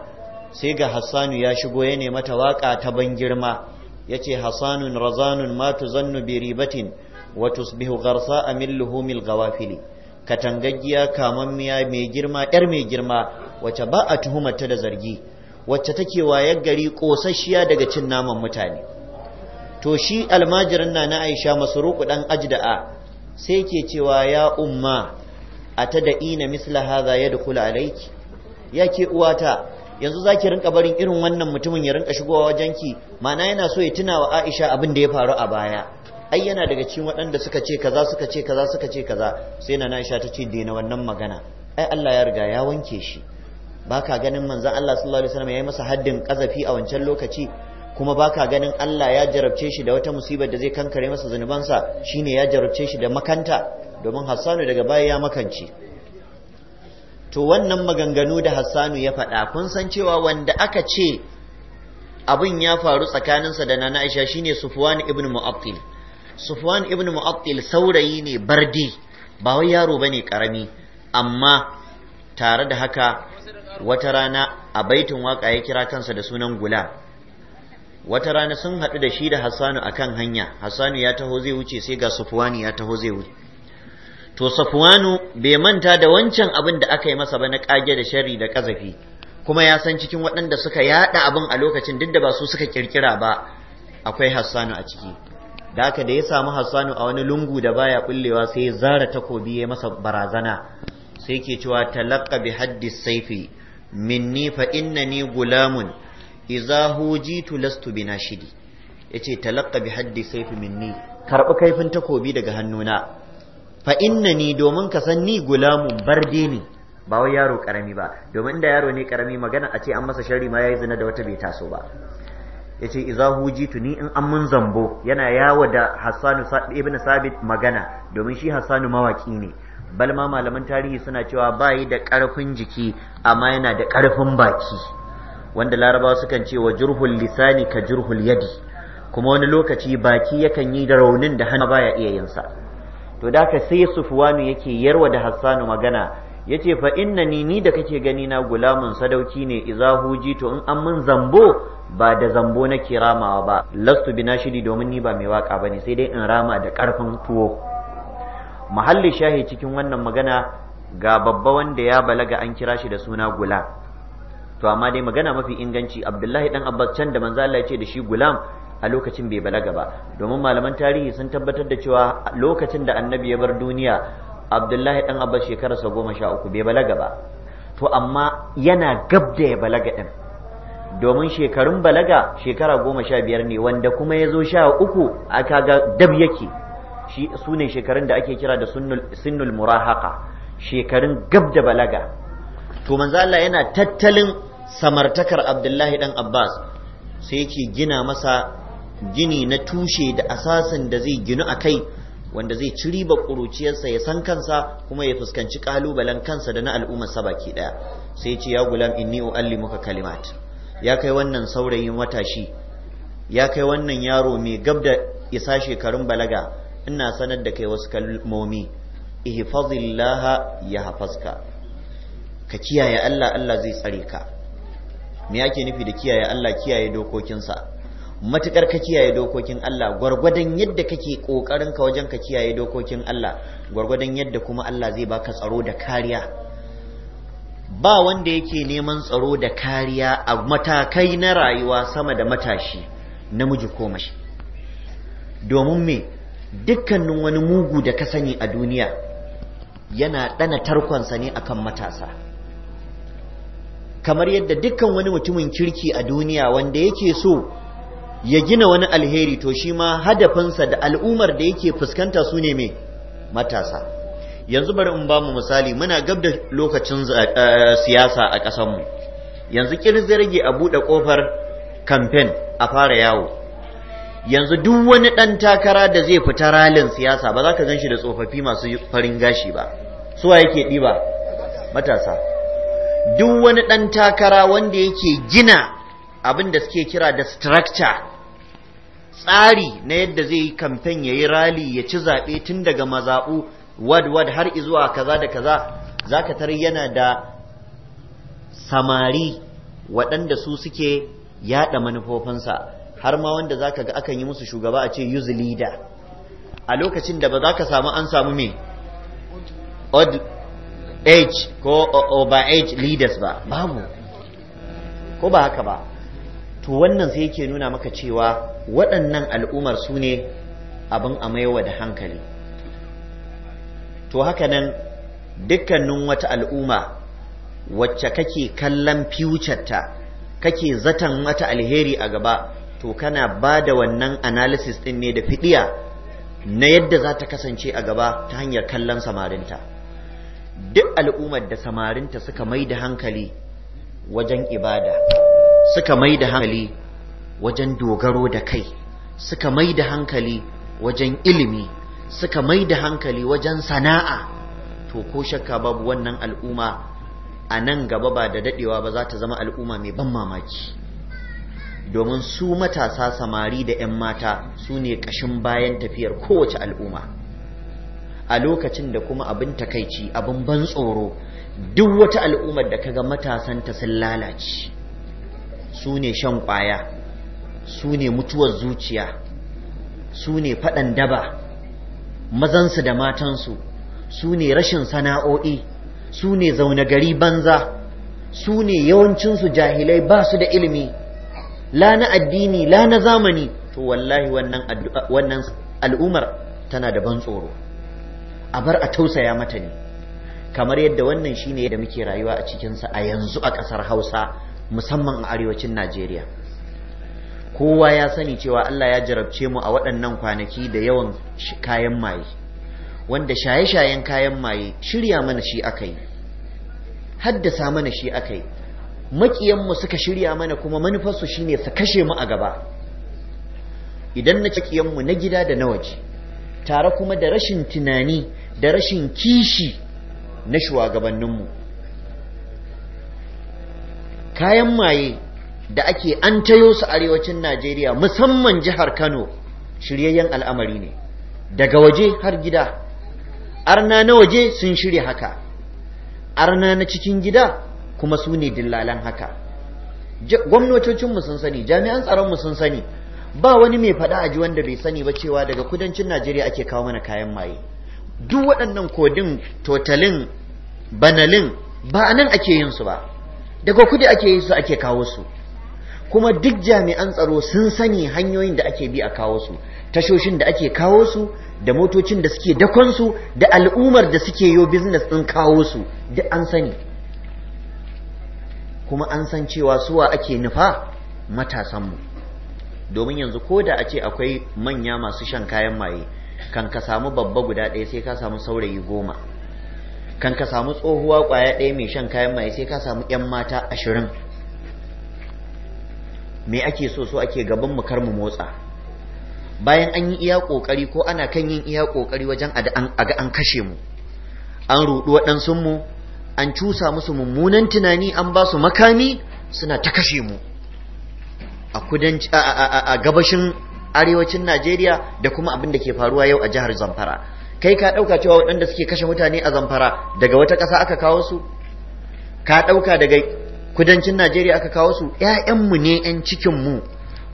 sai ga Hassanu ya shigo ya nema ta waka ta ban girma yace Hassanun razanun ma tuzannu bi ribatin wa tusbihu gharsa'a min luhumil ghawafili katangaggiya kamammiya mai girma yar mai girma wace ba a ta da zargi wacce take wayar gari kosasshiya daga cin naman mutane to shi almajirin na na Aisha masruku dan ajda'a sai ke cewa ya umma ina misla ya yadkhulu alayki ya ke uwata yanzu zaki rinka barin irin wannan mutumin ya rinka shigowa wajenki ma'ana yana so ya tuna wa Aisha abin da ya faru a baya ai yana daga cikin waɗanda suka ce kaza suka ce kaza suka ce kaza sai na Aisha ta ce daina wannan magana ai Allah ya riga ya wanke shi baka ganin manzon Allah sallallahu alaihi wasallam yi masa haddin kazafi a wancan lokaci kuma baka ganin Allah ya jarabce shi da wata musibar da zai kankare masa zunubansa shine ya jarabce shi da makanta domin Hassanu daga baya ya makance to wannan maganganu da Hassanu ya faɗa kun san cewa wanda aka ce abin ya faru tsakaninsa da Nana Aisha shine Sufwan ibn Mu'attil Sufwan ibn Mu'attil saurayi ne bardi ba wai yaro bane karami amma tare da haka wata rana a baitin waka ya kira kansa da sunan gula wata rana sun haɗu da shi da hassanu a kan hanya hassanu ya taho zai wuce sai ga sufwani ya taho zai wuce to Safuwanu bai manta da wancan abin da aka yi masa ba na ƙage da sharri da ƙazafi kuma ya san cikin waɗanda suka yaɗa abin a lokacin duk da ba su suka ƙirƙira ba akwai hassanu a ciki da haka da ya samu hassanu a wani lungu da baya bullewa sai ya zara takobi ya masa barazana sai ke cewa talaqqa bi haddis saifi minni fa innani gulamun idza hujitu lastu binashidi yace talaqqa bi haddi sayfi minni karbi kaifin takobi daga hannuna fa innani domin ka san ni gulamun barde ne ba wai yaro karami ba domin da yaro ne karami magana a ce an masa sharri ma yayi zina da wata bai taso ba yace idza hujitu ni in an mun zambo yana yawo da Hassan ibn Sabit magana domin shi Hassan mawaki ne bal ma malaman tarihi suna cewa bayi da ƙarfin jiki amma yana da ƙarfin baki wanda larabawa sukan ce wa jurhul lisani ka jurhul yadi kuma wani lokaci baki yakan yi da raunin da hannu baya iya yin sa to da ka sai sufwanu yake yarwa da hassanu magana yace fa innani ni da kake gani na gulamun sadauki ne iza huji? to in an mun zambo ba da zambo nake ramawa ba lastu bi nashidi domin ni ba mai waka bane sai dai in rama da karfin tuwo mahalli shahi cikin wannan magana ga babba wanda ya balaga an kira shi da suna gulam to amma dai magana mafi inganci abdullahi dan abbas can da manzo Allah ya ce da shi gulam a lokacin bai balaga ba domin malaman tarihi sun tabbatar da cewa lokacin da annabi ya bar duniya abdullahi dan abbas shekararsa goma sha uku bai balaga ba to amma yana gab da ya balaga din domin shekarun balaga shekara goma sha biyar ne wanda kuma ya zo sha uku aka ga dab yake shi su shekarun da ake kira da sunnul murahaka shekarun gab da balaga to Manzala yana tattalin samartakar Abdullahi dan Abbas sai yake gina masa gini na tushe da asasin da zai ginu a kai wanda zai ci riba ƙuruciyarsa ya san kansa kuma ya fuskanci ƙalubalen kansa da na al'ummarsa baki ɗaya sai ce ya gulam inni u'allimuka kalimat ya kai wannan saurayin matashi ya kai wannan yaro mai gab da isa shekarun balaga ina sanar da kai wasu kalmomi ihfazillaha yahfazka ka kiyaye Allah Allah zai tsare ka me yake nufi da kiyaye Allah kiyaye dokokinsa matukar ka kiyaye dokokin Allah gwargwadon yadda kake kokarin ka wajen ka kiyaye dokokin Allah gwargwadon yadda kuma Allah zai baka tsaro da kariya ba wanda yake neman tsaro da kariya a matakai na rayuwa sama da matashi namiji ko mace domin me dukkanin wani mugu da ka sani a duniya yana ɗana tarkonsa ne akan matasa kamar yadda dukkan wani mutumin kirki a duniya wanda yake so ya gina wani alheri to shi ma hadafinsa da al'ummar da yake fuskanta su ne mai matasa yanzu bari in bamu misali muna gab da lokacin eh, eh, siyasa a ƙasarmu yanzu kirzirge rage a buɗe ƙofar kamfen a fara yawo yanzu duk wani ɗan takara da zai fita ralin siyasa ba za ka gan shi da tsofaffi masu farin gashi ba suwa yake ɗiba matasa duk wani ɗan takara wanda yake gina abin da suke kira da structure tsari na yadda zai yi kamfen ya yi rali ya ci zaɓe tun daga mazaɓu wad wad har izuwa kaza da kaza za ka tar yana da samari waɗanda su suke yaɗa manufofinsa har ma wanda za ka ga akan yi musu shugaba a ce use leader a lokacin da ba za ka samu an samu me odd age ko over age leaders ba babu ko ba haka ba to wannan sai yake nuna maka cewa waɗannan al'umar su ne abin a maiwa da hankali to haka nan dukkanin wata al'umma wacce kake kallon ta kake zatan wata alheri a gaba to kana ba da wannan analysis ɗin ne da fidiya na yadda za ta kasance a gaba ta hanyar kallon samarinta duk al'ummar da samarinta suka mai da hankali wajen ibada suka mai da hankali wajen dogaro da kai suka mai da hankali wajen ilimi suka mai da hankali wajen sana'a to ko shakka babu wannan al'umma a nan gaba ba da daɗewa ba za ta zama al'umma mai ban mamaki domin su matasa samari da 'yan mata su ne ƙashin bayan tafiyar kowace al'umma a lokacin da kuma abin takaici abin ban tsoro duk wata al'ummar da kaga matasanta sun lalace su ne shan ƙwaya su ne mutuwar zuciya su ne faɗan daba mazansu da matansu su ne rashin sana'o'i su ne zaune gari banza su ne yawancinsu jahilai ba su da ilimi la na addini la na zamani to wallahi wannan wannan al'umar tana da ban tsoro a bar a tausaya mata ne kamar yadda wannan shine da muke rayuwa a cikin sa a yanzu a ƙasar hausa musamman a arewacin najeriya kowa ya sani cewa allah ya jarabce mu a waɗannan kwanaki da yawan kayan maye wanda shaye-shayen kayan maye shirya mana shi aka yi haddasa mana shi aka makiyanmu suka shirya mana kuma manufarsu shine su kashe mu a gaba idan na makiyanmu na gida da na waje tare kuma da rashin tunani da rashin kishi na shugabanninmu kayan maye da ake an tayo su arewacin najeriya musamman jihar kano shiryayyen al'amari ne daga waje har gida arna na waje sun shirya haka arna na cikin gida kuma su ne dillalan haka gwamnatocinmu sun sani jami'an tsaronmu sun sani ba wani mai faɗa a ji wanda bai sani ba cewa daga kudancin najeriya ake kawo mana kayan maye duk waɗannan kodin totalin banalin ba a nan ake yin su ba daga kudi ake yi su ake kawo su kuma duk jami'an tsaro sun sani hanyoyin da ake bi a kawo su tashoshin da ake kawo su da motocin da suke dakon su da al'ummar da suke yo business ɗin kawo su duk an sani kuma an san cewa suwa ake nufa matasanmu domin yanzu ko da a ce akwai manya masu shan kayan maye kan ka samu babba guda ɗaya sai ka samu saurayi goma kan ka samu tsohuwa ƙwaya ɗaya mai shan kayan maye sai ka samu 'yan mata ashirin me ake so so ake gaban mu kar mu motsa bayan an yi iya ƙoƙari ko ana kan yin iya ƙoƙari wajen a ga an kashe mu an ruɗu waɗansunmu an cusa musu mummunan tunani an ba su makami suna ta kashe mu a gabashin arewacin najeriya da kuma abin da ke faruwa yau a jihar zamfara kai ka ɗauka cewa waɗanda suke kashe mutane a zamfara daga wata ƙasa aka kawo su ka ɗauka daga kudancin najeriya aka kawo su ‘ya'yanmu ne ‘yan mu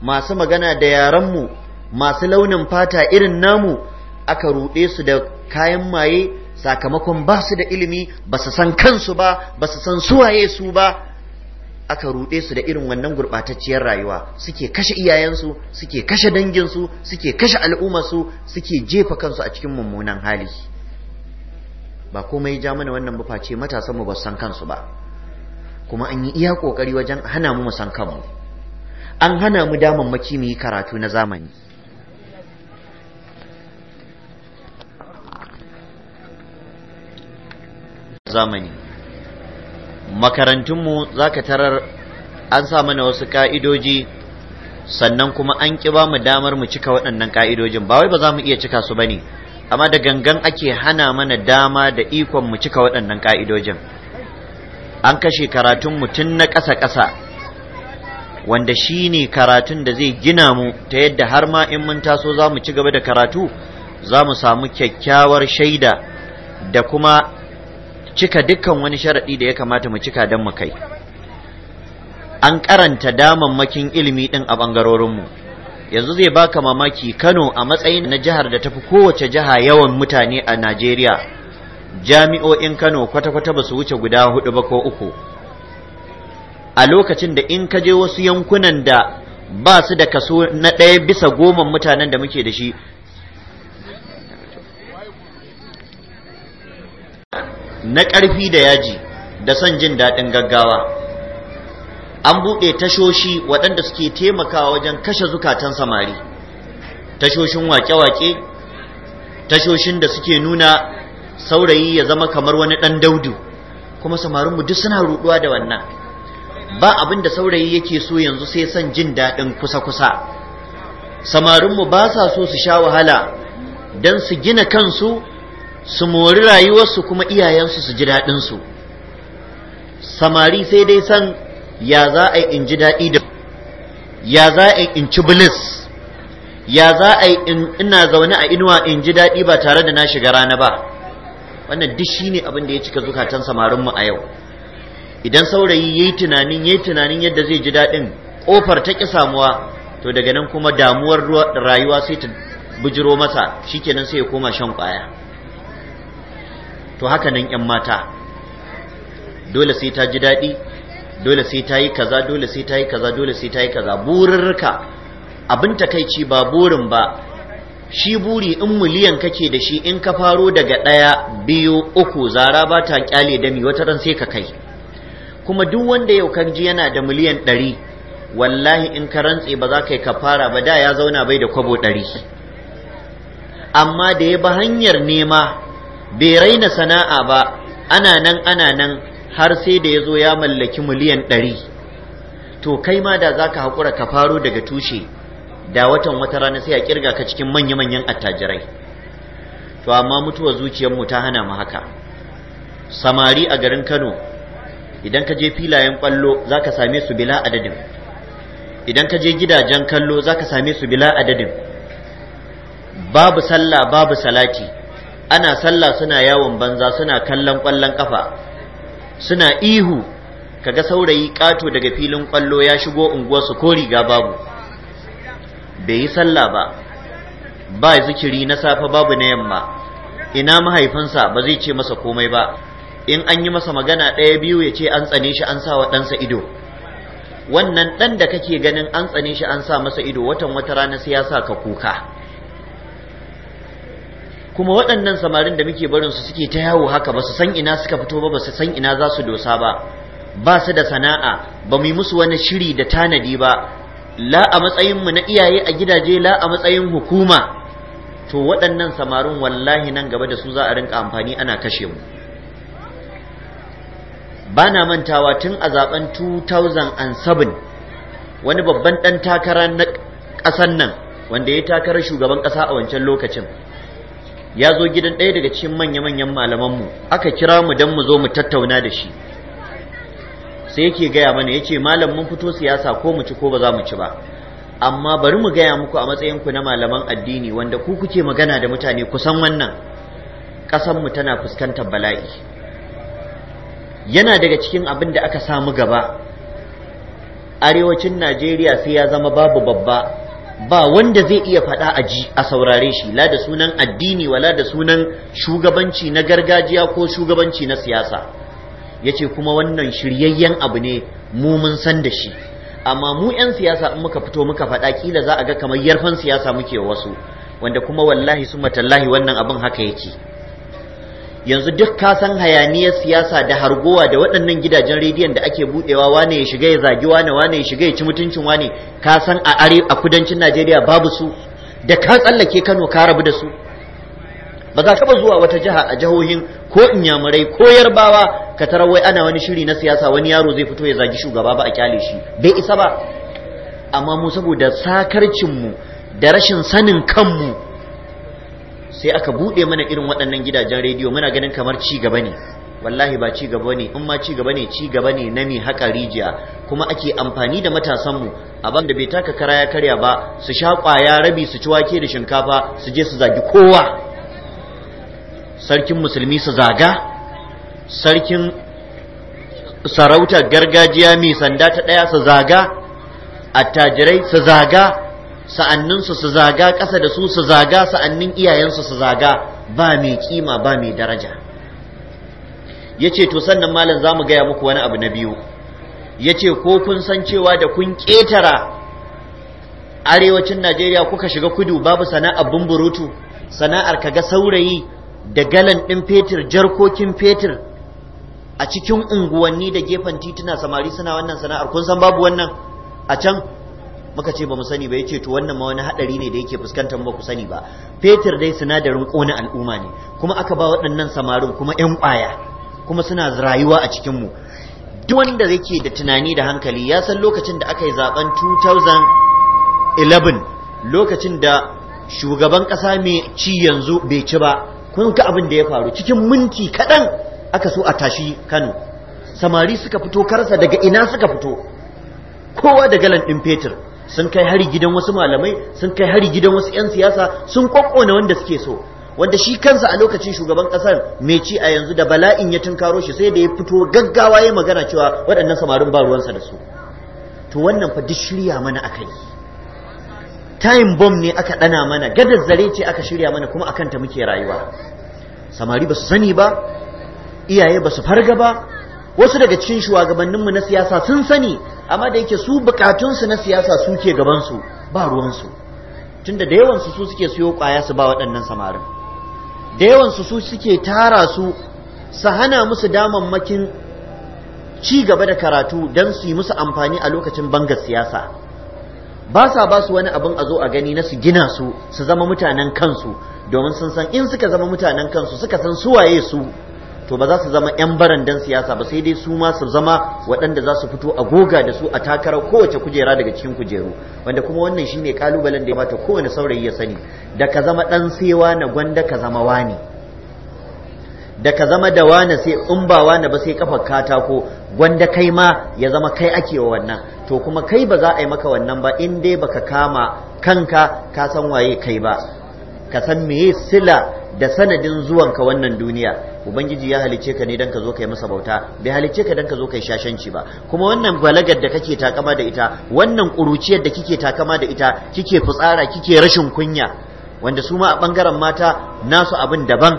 masu magana da mu masu launin fata irin namu aka ruɗe su da kayan maye sakamakon ba su da ilimi ba su san kansu ba ba su san suwaye su ba aka ruɗe su da irin wannan gurɓatacciyar rayuwa suke kashe iyayensu suke kashe danginsu suke kashe su suke jefa kansu a cikin mummunan hali ba komai ja mana wannan ba face matasan mu ba san kansu ba kuma an yi iya kokari wajen hana mu mu san kanmu an hana mu damammaki mu yi karatu na zamani zamani makarantunmu za ka tarar an sa mana wasu ka'idoji sannan kuma an ƙi ba mu damar mu cika waɗannan ka'idojin ba wai ba za mu iya cika su ba ne amma da gangan ake hana mana dama da ikon mu cika waɗannan ka'idojin an kashe karatun tun na ƙasa-ƙasa wanda shi ne karatun da zai gina mu ta yadda har ma in mun taso za mu ci gaba da karatu za mu samu kyakkyawar shaida da kuma cika dukkan wani sharaɗi da ya kamata mu cika don mu kai an karanta damammakin ilimi ɗin a ɓangarorinmu yanzu zai baka mamaki kano a matsayin na jihar da tafi kowace jiha yawan mutane a najeriya jami'o'in kano kwata-kwata ba su wuce guda hudu ba ko uku a lokacin da in ka je wasu yankunan da ba su da kaso na ɗaya bisa goma mutanen da muke da shi na ƙarfi da yaji da son jin daɗin gaggawa an buɗe tashoshi waɗanda suke taimakawa wajen kashe zukatan samari tashoshin waƙe-waƙe, tashoshin da suke nuna saurayi ya zama kamar wani ɗan daudu kuma samarinmu duk suna ruɗuwa da wannan ba abin da saurayi yake so yanzu sai son jin daɗin kusa-kusa samarinmu ba sa so su sha wahala don su gina kansu su mori rayuwarsu kuma iyayensu su ji daɗinsu samari sai dai san ya za a yi in ji daɗi da ya za a yi in ci bilis ya za a yi ina zaune a inuwa in ji daɗi ba tare da na shiga rana ba wannan duk shi ne abin da ya cika zukatan samarinmu a yau idan saurayi ya yi tunanin ya yi tunanin yadda zai ji daɗin ƙofar ta ƙi samuwa to daga nan kuma damuwar rayuwa sai ta bijiro masa shi shikenan sai ya koma shan ƙwaya to haka nan yan mata dole sai ta ji daɗi dole sai ta yi kaza dole sai ta yi kaza dole sai ta yi kaza burirka abin takaici ba burin ba shi buri in miliyan kake da shi in ka faro daga ɗaya biyu uku zara ba ta kyale mi wata ran sai ka kai kuma duk wanda yau kan ji yana da miliyan ɗari wallahi in ka rantse ba za ka yi kafara ba da ya zauna bai da kwabo ɗari amma da ya ba hanyar nema bai raina sana'a ba ana nan ana nan har sai da ya zo ya mallaki miliyan ɗari to kai ma da za ka haƙura ka faro daga tushe da watan wata rana sai a ƙirga ka cikin manya-manyan attajirai to amma mutuwar zuciyarmu ta hana mu haka samari a garin kano idan ka je filayen kwallo za ka same su bila adadin idan ka je gidajen kallo za ka same su bila adadin babu sallah babu salati ana sallah suna yawon banza suna kallon kwallon ƙafa suna ihu kaga saurayi kato daga filin ƙwallo ya shigo unguwarsu ko riga babu bai yi sallah ba ba zikiri na safe babu na yamma ina mahaifinsa ba zai ce masa komai ba in an yi masa magana ɗaya biyu ya ce an tsane shi an sa wa ɗansa ido wannan ɗan da kake ganin an tsane shi an sa masa ido watan wata rana sai ya sa ka kuka kuma waɗannan samarin da muke barin su suke ta yawo haka ba su san ina suka fito ba ba su san ina za su dosa ba ba su da sana'a ba mu yi musu wani shiri da tanadi ba la a matsayin mu na iyaye a gidaje la a matsayin hukuma to waɗannan samarin wallahi nan gaba da su za a rinka amfani ana kashe mu ba na mantawa tun a zaben 2007 wani babban ɗan takara na ƙasan nan wanda ya takarar shugaban ƙasa a wancan lokacin ya zo gidan ɗaya daga cikin manya-manyan malamanmu aka kira mu don mu zo mu tattauna da shi sai yake gaya mana ya ce malam mun fito siyasa ko mu ci ko ba za mu ci ba amma bari mu gaya muku a matsayinku na malaman addini wanda ku kuke magana da mutane kusan wannan ƙasanmu tana fuskantar bala'i yana daga cikin abin da aka samu gaba arewacin najeriya sai ya zama babu babba ba wanda zai iya faɗa a ji a saurare shi la da sunan addini wala da sunan shugabanci na gargajiya ko shugabanci na siyasa yace kuma wannan shiryayyen abu ne mu mun san da shi amma mu 'yan siyasa in muka fito muka faɗa kila za a ga kamar yarfan siyasa muke wasu wanda kuma wallahi su matallahi wannan abin haka yake yanzu duk ka san hayaniyar siyasa da hargowa da waɗannan gidajen rediyon da ake buɗewa wane ya shiga ya zagi wane wane ya shiga ya ci mutuncin wane ka san a are a kudancin Najeriya babu su da ka tsallake Kano ka rabu da su ba za ka ba zuwa wata jiha a jihohin ko inyamurai ko yarbawa ka tarar wai ana wani shiri na siyasa wani yaro zai fito ya zagi shugaba ba a kyale shi bai isa ba amma mu saboda sakarcin mu da rashin sanin kanmu sai aka buɗe mana irin waɗannan gidajen rediyo muna ganin kamar ci gaba ne wallahi ba ci gaba ne in ma ci gaba ne ci gaba ne na mai haka rijiya kuma ake amfani da matasanmu abin da bai taka kara ya karya ba su sha ƙwaya rabi su ci wake da shinkafa su je su zagi kowa sarkin musulmi su zaga sarkin sarauta gargajiya mai sanda ta ɗaya su zaga attajirai su zaga sa'anninsu su zaga ƙasa da su su zaga sa'annin iyayensu su zaga ba mai kima ba mai daraja ya to sannan malam zamu mu gaya muku wani abu na biyu yace ko kun san cewa da kun ƙetara arewacin najeriya kuka shiga kudu babu sana'ar bumburutu sana'ar kaga saurayi da galan ɗin fetur jarkokin fetur a cikin unguwanni da gefen tituna samari suna wannan sana'ar kun san babu wannan a can muka ce ba mu sani ba ya ce to wannan ma wani hadari ne da yake fuskantar ba ku sani ba fetur dai sinadarin kona al'umma ne kuma aka ba waɗannan samarin kuma ƴan ƙwaya kuma suna rayuwa a cikin mu duk wanda yake da tunani da hankali ya san lokacin da aka yi zaben 2011 lokacin da shugaban ƙasa mai ci yanzu bai ci ba kun ga abin da ya faru cikin minti kaɗan aka so a tashi kano samari suka fito karsa daga ina suka fito kowa da galan ɗin fetur sun kai hari gidan wasu malamai sun kai hari gidan wasu 'yan siyasa sun kwakkona wanda suke so wanda shi kansa a lokacin shugaban kasar mai ci a yanzu da bala'in ya tunkaro shi sai da ya fito gaggawa ya magana cewa waɗannan samarin ba ruwansa da su to wannan fa duk shirya mana aka yi time bomb ne aka ɗana mana gadar zare ce aka shirya mana kuma akan ta muke rayuwa samari ba su sani ba iyaye ba su farga ba wasu daga cikin shugabanninmu na siyasa sun sani amma da yake su bukatun su na siyasa suke gabansu ba ruwansu tunda da yawansu su suke siyo kwaya su ba waɗannan samarin da yawansu su suke tara su su hana musu damammakin ci gaba da karatu don su yi musu amfani a lokacin banga siyasa ba sa ba su wani abin a zo a gani na su gina su su zama mutanen kansu domin sun san in suka zama mutanen kansu suka san su waye su to ba za su zama 'yan barandan siyasa ba sai dai su ma su zama waɗanda za su fito a goga da su a takarar kowace kujera daga cikin kujeru wanda kuma wannan shi ne kalubalen da ya mata kowane saurayi ya sani da ka zama ɗan sewa na gwanda ka zama wani da ka zama da wani sai in ba wani ba sai kafar katako gwanda kai ma ya zama kai ake wa wannan to kuma kai ba za a yi maka wannan ba in dai baka kama kanka ka san waye kai ba ka san meye sila da sanadin zuwan ka wannan duniya ubangiji ya halice ka ne dan ka zo kai masa bauta bai halice ka dan ka zo kai shashanci ba kuma wannan balagar da kake takama da ita wannan kuruciyar da kike takama da ita kike fitsara kike rashin kunya wanda su ma a bangaren mata nasu abin daban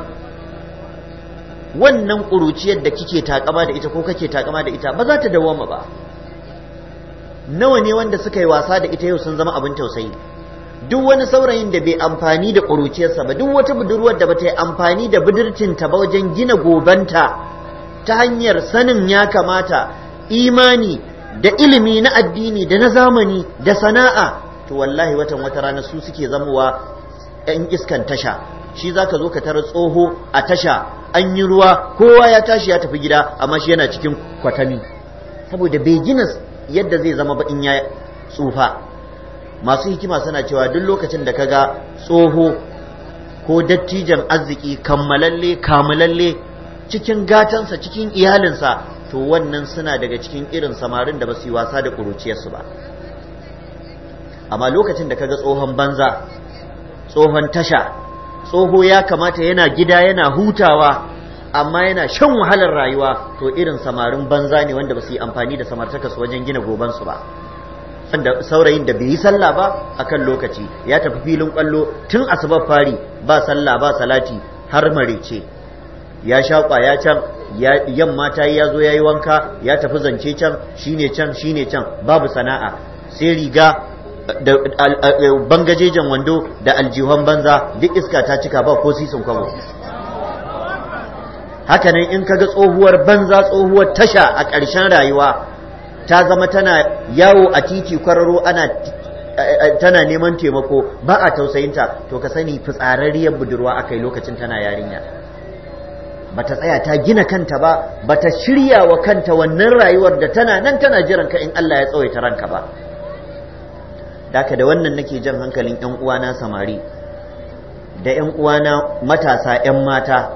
wannan kuruciyar da kike takama da ita ko kake takama da ita ba za ta dawoma ba nawa ne wanda suka yi wasa da ita yau sun zama abin tausayi duk wani saurayin da bai amfani da ƙuruciyarsa ba duk wata budurwar da bata yi amfani da budurcinta ba wajen gina gobanta ta hanyar sanin ya kamata imani da ilimi na addini da na zamani da sana'a to wallahi watan wata rana su suke zamowa 'yan iskan tasha shi za ka zo ka tara tsoho a tasha an yi ruwa kowa ya tashi ya tafi gida amma shi yana cikin kwatami saboda bai gina yadda zai zama ba in ya tsufa masu hikima suna cewa duk lokacin da kaga tsoho ko dattijan arziki kammalalle kamalalle cikin gatansa cikin iyalinsa to wannan suna daga cikin irin samarin da ba su yi wasa da ƙuruciyarsu ba amma lokacin da kaga tsohon banza tsohon tasha tsoho ya kamata yana gida yana hutawa amma yana shan wahalar rayuwa to irin samarin banza ne wanda ba su yi amfani da samartakarsu wajen gina gobansu ba saurayin da bai yi sallah ba akan lokaci ya tafi filin kwallo tun asubar fari ba sallah ba salati har marece ya sha kwaya can yamma ta yi ya zo ya yi wanka ya tafi zance can shine can shine can babu sana'a sai riga da bangajejen wando da aljihon banza duk iska ta cika ba ko sisin kwabo hakanan in kaga tsohuwar banza tsohuwar tasha a ƙarshen rayuwa ta zama tana yawo a titi kwararo ana eh, eh, tana neman taimako ba a tausayinta to ka sani fitsararriyar budurwa aka yi lokacin tana yarinya ba ta tsaya ta gina kanta ba ba ta shirya wa kanta wannan rayuwar da tana nan tana jiran ka in Allah ya tsawaita ranka ba daka da wannan nake jan hankalin yan uwana samari da yan uwana matasa yan mata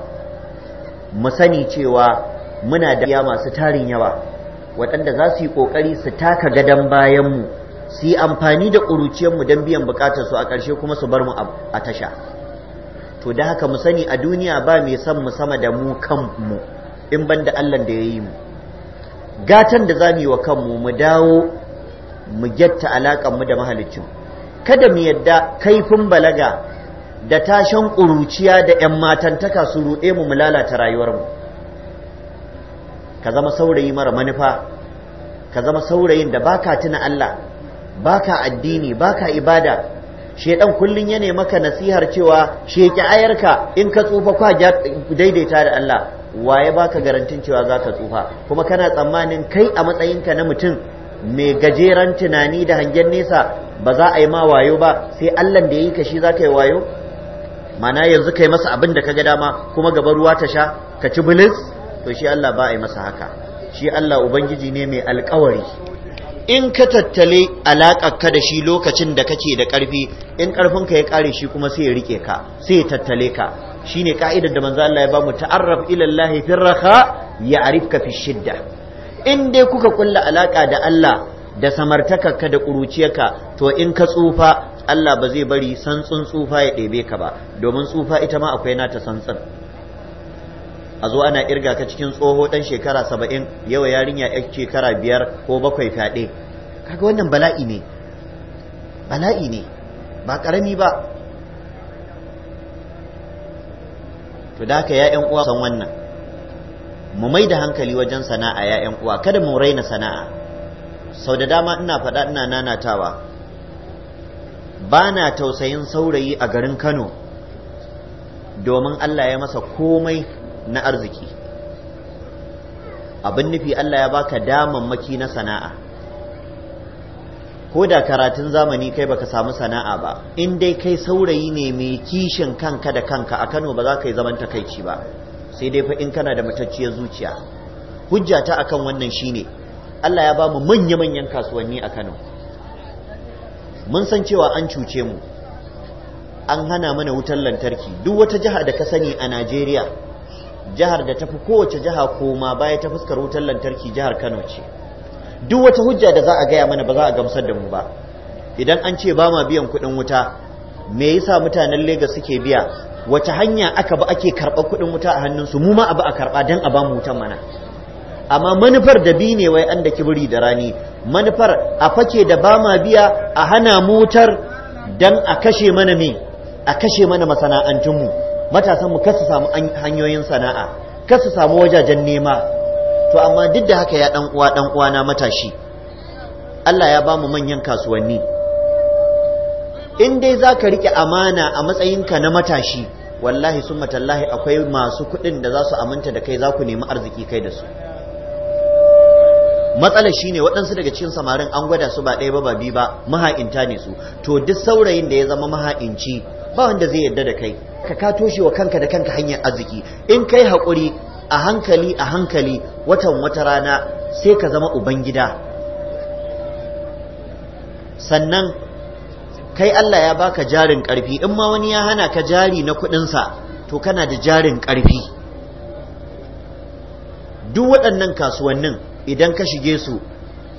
mu sani cewa muna da masu tarin yawa waɗanda za su yi ƙoƙari su taka gadon bayanmu su yi amfani da ƙuruciyarmu don biyan buƙatar su a ƙarshe kuma su bar mu a tasha to da haka mu sani a duniya ba mai son mu sama da mu kanmu in ban da Allah da ya yi mu gatan da za mu yi wa kanmu mu dawo mu gyatta alaƙanmu da mahalicin kada mu yadda kaifin balaga da tashan ƙuruciya da 'yan matantaka su ruɗe mu mu lalata rayuwarmu ka zama saurayi mara manufa ka zama saurayin da baka tuna Allah baka addini baka ibada shedan kullun ya ne maka nasihar cewa sheki ayarka in ka tsufa kwa daidaita da Allah waye baka garantin cewa zaka tsufa kuma kana tsammanin kai a matsayinka na mutum mai gajeren tunani da hangen nesa ba za a yi ma wayo ba sai Allah da ya yi ka shi za ka yi wayo mana yanzu kai masa abin da ka ga dama kuma gaba ruwa ta sha ka ci bilis to shi Allah ba a yi masa haka shi Allah ubangiji ne mai alkawari in ka tattale ka da shi lokacin da kake da ƙarfi in ƙarfinka ya ƙare shi kuma sai ya rike ka sai ya tattale ka shine ka'idar da manzo Allah ya bamu ta'arraf ila Allah fi raha ya'rifka fi shidda in dai kuka kulla alaka da Allah da ka da ƙuruciyarka to in ka tsufa Allah ba zai bari santsun tsufa ya ɗebe ka ba domin tsufa ita ma akwai nata santsin a zo ana irga ka cikin tsoho dan shekara saba'in yawa yarinya yar shekara biyar ko bakwai fyaɗe kaga wannan bala'i ne bala'i ne ba ƙarami ba to da ka ya'yan uwa san wannan mu mai da hankali wajen sana'a ya'yan uwa kada mu raina sana'a sau da dama ina faɗa ina nanatawa ba na tausayin saurayi a garin kano domin allah ya masa komai na arziki abin nufi Allah ya baka damammaki na sana'a ko da karatun zamani kai baka samu sana'a ba in dai kai saurayi ne mai kishin kanka da kanka a Kano ba za ka yi zaman takaici ba sai dai fa in kana da matacciyar zuciya hujja ta akan wannan shine Allah ya ba mu manya-manyan kasuwanni a Kano mun san cewa an cuce mu an hana mana wutar lantarki duk wata jiha da ka sani a Najeriya jihar da tafi kowace jiha koma baya ta fuskar wutar lantarki jihar Kano ce duk wata hujja da za a gaya mana ba za a gamsar da mu ba idan an ce ba ma biyan kuɗin wuta me yasa mutanen Legas suke biya wace hanya aka ba ake karɓar kuɗin wuta a hannunsu mu ma abu a karɓa don a ba mu wutan mana amma manufar da bi ne wai an da kibiri da rani manufar a fake da ba ma biya a hana motar don a kashe mana me a kashe mana masana'antunmu matasan mu kasu samu hanyoyin sana'a kasu samu wajajen nema to amma duk da haka ya dan uwa dan uwana matashi Allah ya bamu manyan kasuwanni in dai zaka rike amana a matsayinka na matashi wallahi sun matallahi akwai masu kuɗin da za su aminta da kai za ku nemi arziki kai da su matsala shine waɗansu daga cikin samarin an gwada su ba ɗaya ba babi ba maha'inta ne su to duk saurayin da ya zama maha'inci ba wanda zai yarda da kai ka ka toshe wa kanka da kanka hanyar arziki in kai haƙuri a hankali a hankali watan wata rana sai ka zama ubangida sannan kai Allah ya baka jarin ƙarfi in ma wani ya hana ka jari na kuɗinsa to kana da jarin ƙarfi duk waɗannan kasuwannin idan ka shige su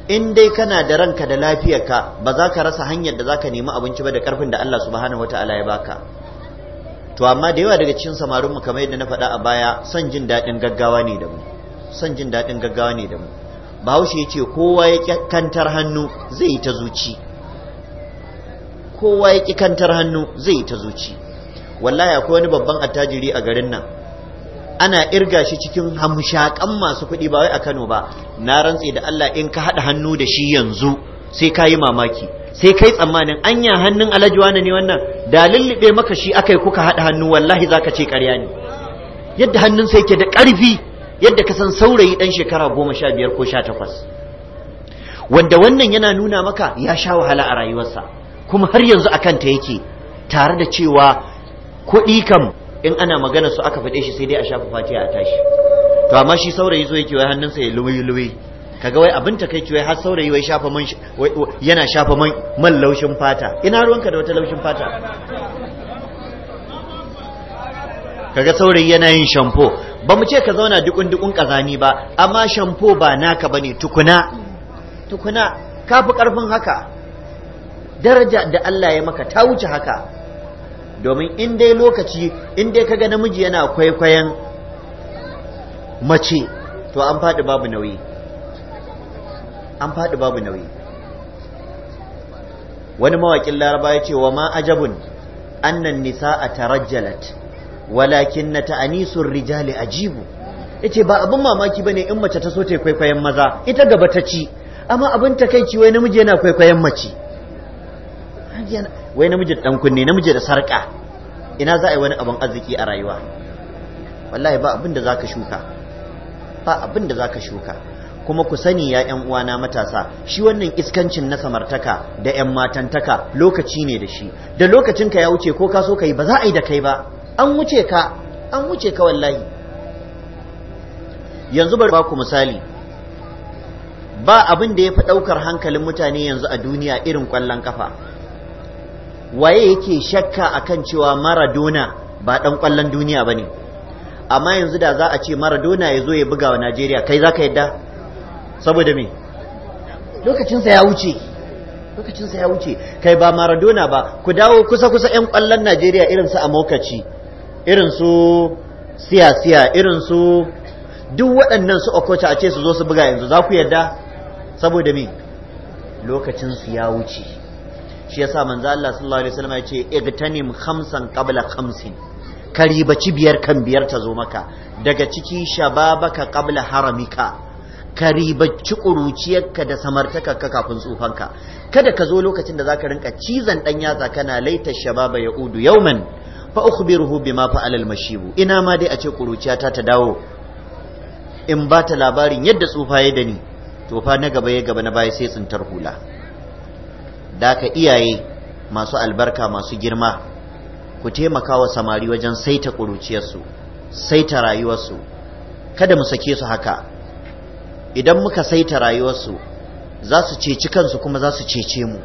in dai kana da ranka da lafiyarka ba za ka rasa hanyar da za ka nemi abinci ba da ƙarfin da Allah subhanahu wa ta'ala ya baka to amma da yawa daga cikin samarin mu kamar yadda na faɗa a baya son jin daɗin gaggawa ne da mu son jin daɗin gaggawa ne da mu bahaushe ya ce kowa ya kantar hannu zai yi ta zuci kowa ya kantar hannu zai yi ta zuci wallahi akwai wani babban attajiri a garin nan ana irga shi cikin hamshakan masu kuɗi ba wai a Kano ba na rantse da Allah in ka haɗa hannu da shi yanzu sai ka yi mamaki sai kai tsammanin anya hannun alajuwa ne wannan da lullube maka shi akai kuka haɗa hannu wallahi zaka ce ƙarya ne yadda hannun sai ke da ƙarfi yadda ka san saurayi ɗan shekara goma sha biyar ko sha takwas wanda wannan yana nuna maka ya sha wahala a rayuwarsa kuma har yanzu a kanta yake tare da cewa kuɗi kam in ana magana su aka faɗe shi sai dai a shafa fatiya a tashi to amma shi saurayi zo yake wai hannunsa ya luwi luwi kaga wai abin ta kai har saurayi wai shafa man yana shafa man man laushin fata ina ruwanka da wata laushin fata kaga saurayi yana yin shampo ba mu ce ka zauna dukun dukun kazani ba amma shampo ba naka bane tukuna tukuna kafi karfin haka daraja da Allah ya maka ta wuce haka domin in dai lokaci in dai kaga namiji yana kwaikwayon mace to an faɗi babu nauyi an faɗi babu nauyi wani mawaƙin laraba ya ce wa ma ajabun annan nisa'a tarajjalat walakin na ta'anisun rijali ajibu ya ce ba abin mamaki ba ne in mace ta so ta kwaikwayon maza ita gaba ta ci amma abin ci wai namiji yana kwaikwayon mace wai namiji dan kunne namiji da sarka ina za a yi wani abin arziki a rayuwa wallahi ba abin da zaka shuka ba abin da zaka shuka kuma ku sani ya yan uwana matasa shi wannan iskancin na samartaka da 'yan matantaka lokaci ne da shi da lokacin ka ya wuce ko ka so ka yi ba za a yi da kai ba an wuce ka an wuce ka wallahi yanzu bari ba ku misali ba abin da ya fi ɗaukar hankalin mutane yanzu a duniya irin ƙwallon kafa waye yake shakka akan cewa maradona ba ɗan ƙwallon duniya ba ne amma yanzu da za a ce maradona ya zo ya buga wa najeriya kai za ka yadda saboda me lokacinsa ya wuce lokacinsa ya wuce kai ba maradona ba ku dawo kusa kusa yan kwallon najeriya irin su amokaci irin su siya-siya irin su duk waɗannan su okocha a ce su zo su buga yanzu za ku yarda saboda me lokacinsu ya wuce shi yasa manzo Allah sallallahu alaihi wasallam ya ce igtanim khamsan qabla khamsin karibaci biyar kan biyar ta zo maka daga ciki shababaka qabla haramika ka ribacci ƙuruciyarka da samartakarka kafin tsufanka kada ka zo lokacin da zaka rinka cizon ɗan yatsa kana laita shababa ya udu yauman fa ukhbiruhu bima fa'ala al-mashibu ina ma dai a ce ƙuruciyata ta dawo in ba ta labarin yadda tsufa ya dani to fa na gaba ya gaba na baya sai tsintar hula da ka iyaye masu albarka masu girma ku taimaka wa samari wajen saita ƙuruciyarsu saita rayuwarsu kada mu sake su haka idan muka saita rayuwarsu za su ceci kansu kuma za su cece mu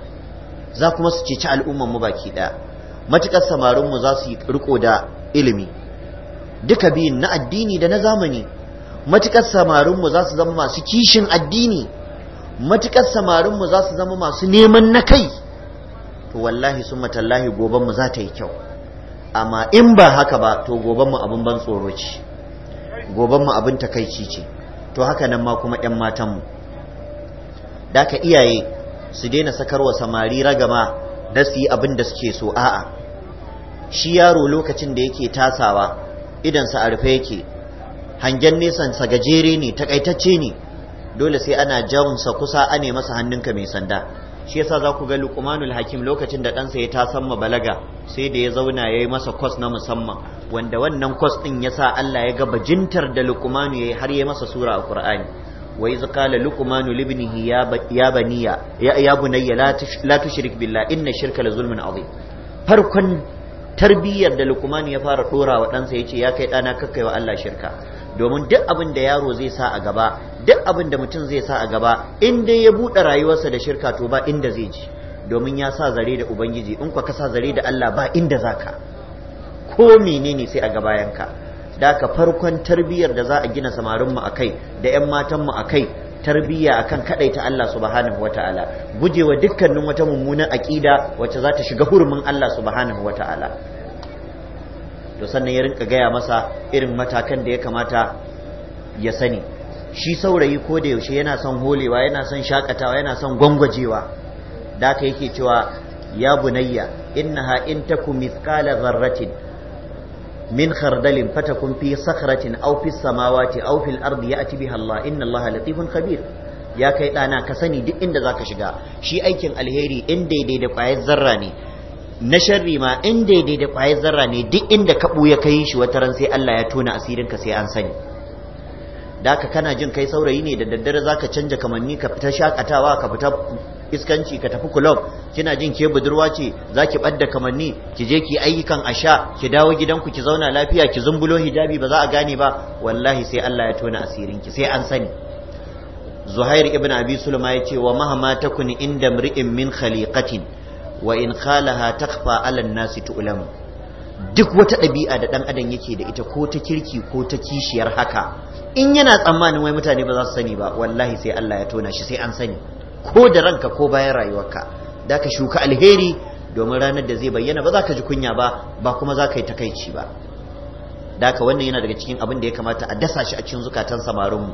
za kuma su ceci al'umman mu baki ɗaya. matukar samarin za su yi riko da ilimi duka biyun na addini da na zamani matukar samarinmu mu za su zama masu kishin addini matukar samarin mu za su zama masu neman na kai to wallahi sun matallahi goban mu za ta yi kyau amma in ba haka ba to goban mu abin ban tsoro ce goban mu abin takaici ce to haka nan ma kuma 'yan matanmu da ka iyaye su daina sakar wa samari ragama da su yi abin da suke so a'a shi yaro lokacin da yake tasawa idansa a rufe yake hangen nesansa gajere ne takaitacce ne dole sai ana jawunsa kusa ne masa hannunka mai sanda shi yasa za ku ga luqmanul hakim lokacin da ɗansa ya tasan balaga sai da ya zauna ya yi masa kwas na musamman wanda wannan kwas ya sa Allah ya gaba jintar da ya yi har yi masa sura a Kur'ani. wa iz kala Luqman li ya baniya ya ya bunayya la tushrik billah inna shirka la zulmun azim farkon tarbiyyar da lukumanu ya fara dora wa ɗansa ce ya kai ɗana kakkai wa Allah shirka domin duk abin da yaro zai sa a gaba duk abin da mutum zai sa a gaba inda ya buɗe rayuwarsa da shirka to ba inda zai ji domin ya sa zare da ubangiji in kwa ka sa zare da Allah ba inda zaka ko menene sai a ga bayanka da ka farkon tarbiyyar da za a gina samarin mu kai da yan matan mu akai tarbiyya akan ta Allah subhanahu wataala gujewa dukkanin wata mummunan aqida wacce za ta shiga hurumin Allah subhanahu wataala to sannan ya rinka gaya masa irin matakan da ya kamata ya sani shi saurayi ko da yaushe yana son holewa yana son shakatawa yana son gwangwajewa da ka yake cewa ya bunayya innaha in taku mithqala dharratin min khardalin fatakun fi sakhratin aw fi samawati aw fil ardi ya'ti biha Allah inna Allah latifun khabir ya kai dana ka sani duk inda zaka shiga shi aikin alheri in daidai da kwayar zarra ne na sharri ma in daidai da kwayar zarra ne duk inda ka buya kai shi wataran sai Allah ya tona asirin ka sai an sani da ka kana jin kai saurayi ne da daddare zaka canja kamanni ka fita shakatawa ka fita iskanci ka tafi kulob kina jin ke budurwa ce zaki badda kamanni ki je ki ayyukan asha ki dawo gidanku ki zauna lafiya ki zumbulo hijabi ba za a gane ba wallahi sai Allah ya tona asirin ki sai an sani Zuhair ibn Abi Sulma yace wa mahama takun inda mri'in min khaliqatin wa in khalaha takfa 'ala an tu'lamu duk wata ɗabi'a da ɗan adam yake da ita ko ta kirki ko ta kishiyar haka in yana tsammanin wai mutane ba za su sani ba wallahi sai Allah ya tona shi sai an sani ko da ranka ko bayan rayuwarka da ka shuka alheri domin ranar da zai bayyana ba za ka ji kunya ba ba kuma za ka yi takaici ba da wannan yana daga cikin abin da ya kamata a dasa shi a cikin zukatan mu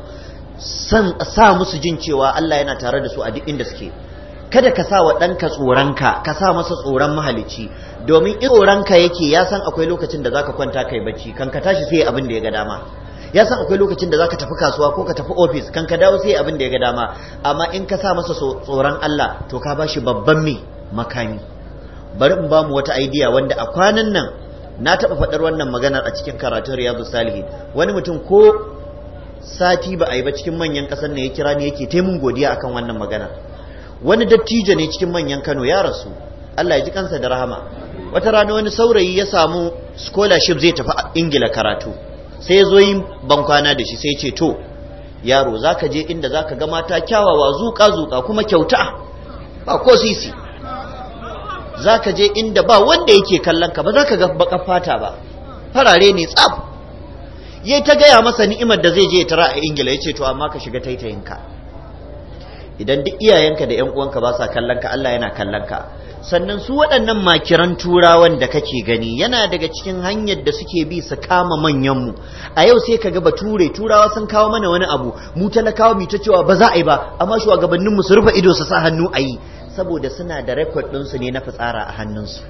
san sa musu jin cewa Allah yana tare da su a duk inda suke kada ka sa wa ɗanka tsoronka ka sa masa tsoron mahalicci domin in tsoronka yake ya san akwai lokacin da zaka kwanta kai bacci kan ka tashi sai abin da ya ga dama ya san akwai lokacin da zaka tafi kasuwa ko ka tafi office kan ka dawo sai abin da ya ga dama amma in ka sa masa tsoron Allah to ka bashi babban me makami bari in bamu wata idea wanda a kwanan nan na taɓa faɗar wannan maganar a cikin karatu riyadu salihin wani mutum ko sati ba a yi ba cikin manyan ƙasar ne ya kira ni yake mun godiya akan wannan maganar wani dattijo ne cikin manyan kano ya rasu Allah ya ji kansa da rahama wata rana wani saurayi ya samu scholarship zai tafi ingila karatu sai zo yi kwana da shi sai ce to yaro ka je inda za ka ga mata kyawawa zuka zuka kuma kyauta ba ko sisi za ka je inda ba wanda yake kallon ka ba zaka ga bakan fata ba farare ne tsaf Yai ta gaya masa ni'imar da zai je ya tara a Ingila ce to amma ka shiga taitayinka idan duk iyayenka da 'yan uwanka ba sa kallon ka Allah yana kallon ka sannan su waɗannan makiran turawan da kake gani yana daga cikin hanyar da suke bi su kama manyanmu a yau sai ka ga ture turawa sun kawo mana wani abu mu talakawa mu ta cewa ba za a yi ba amma mu su rufe ido su sa hannu a yi saboda suna da rekod su ne na fitsara a hannunsu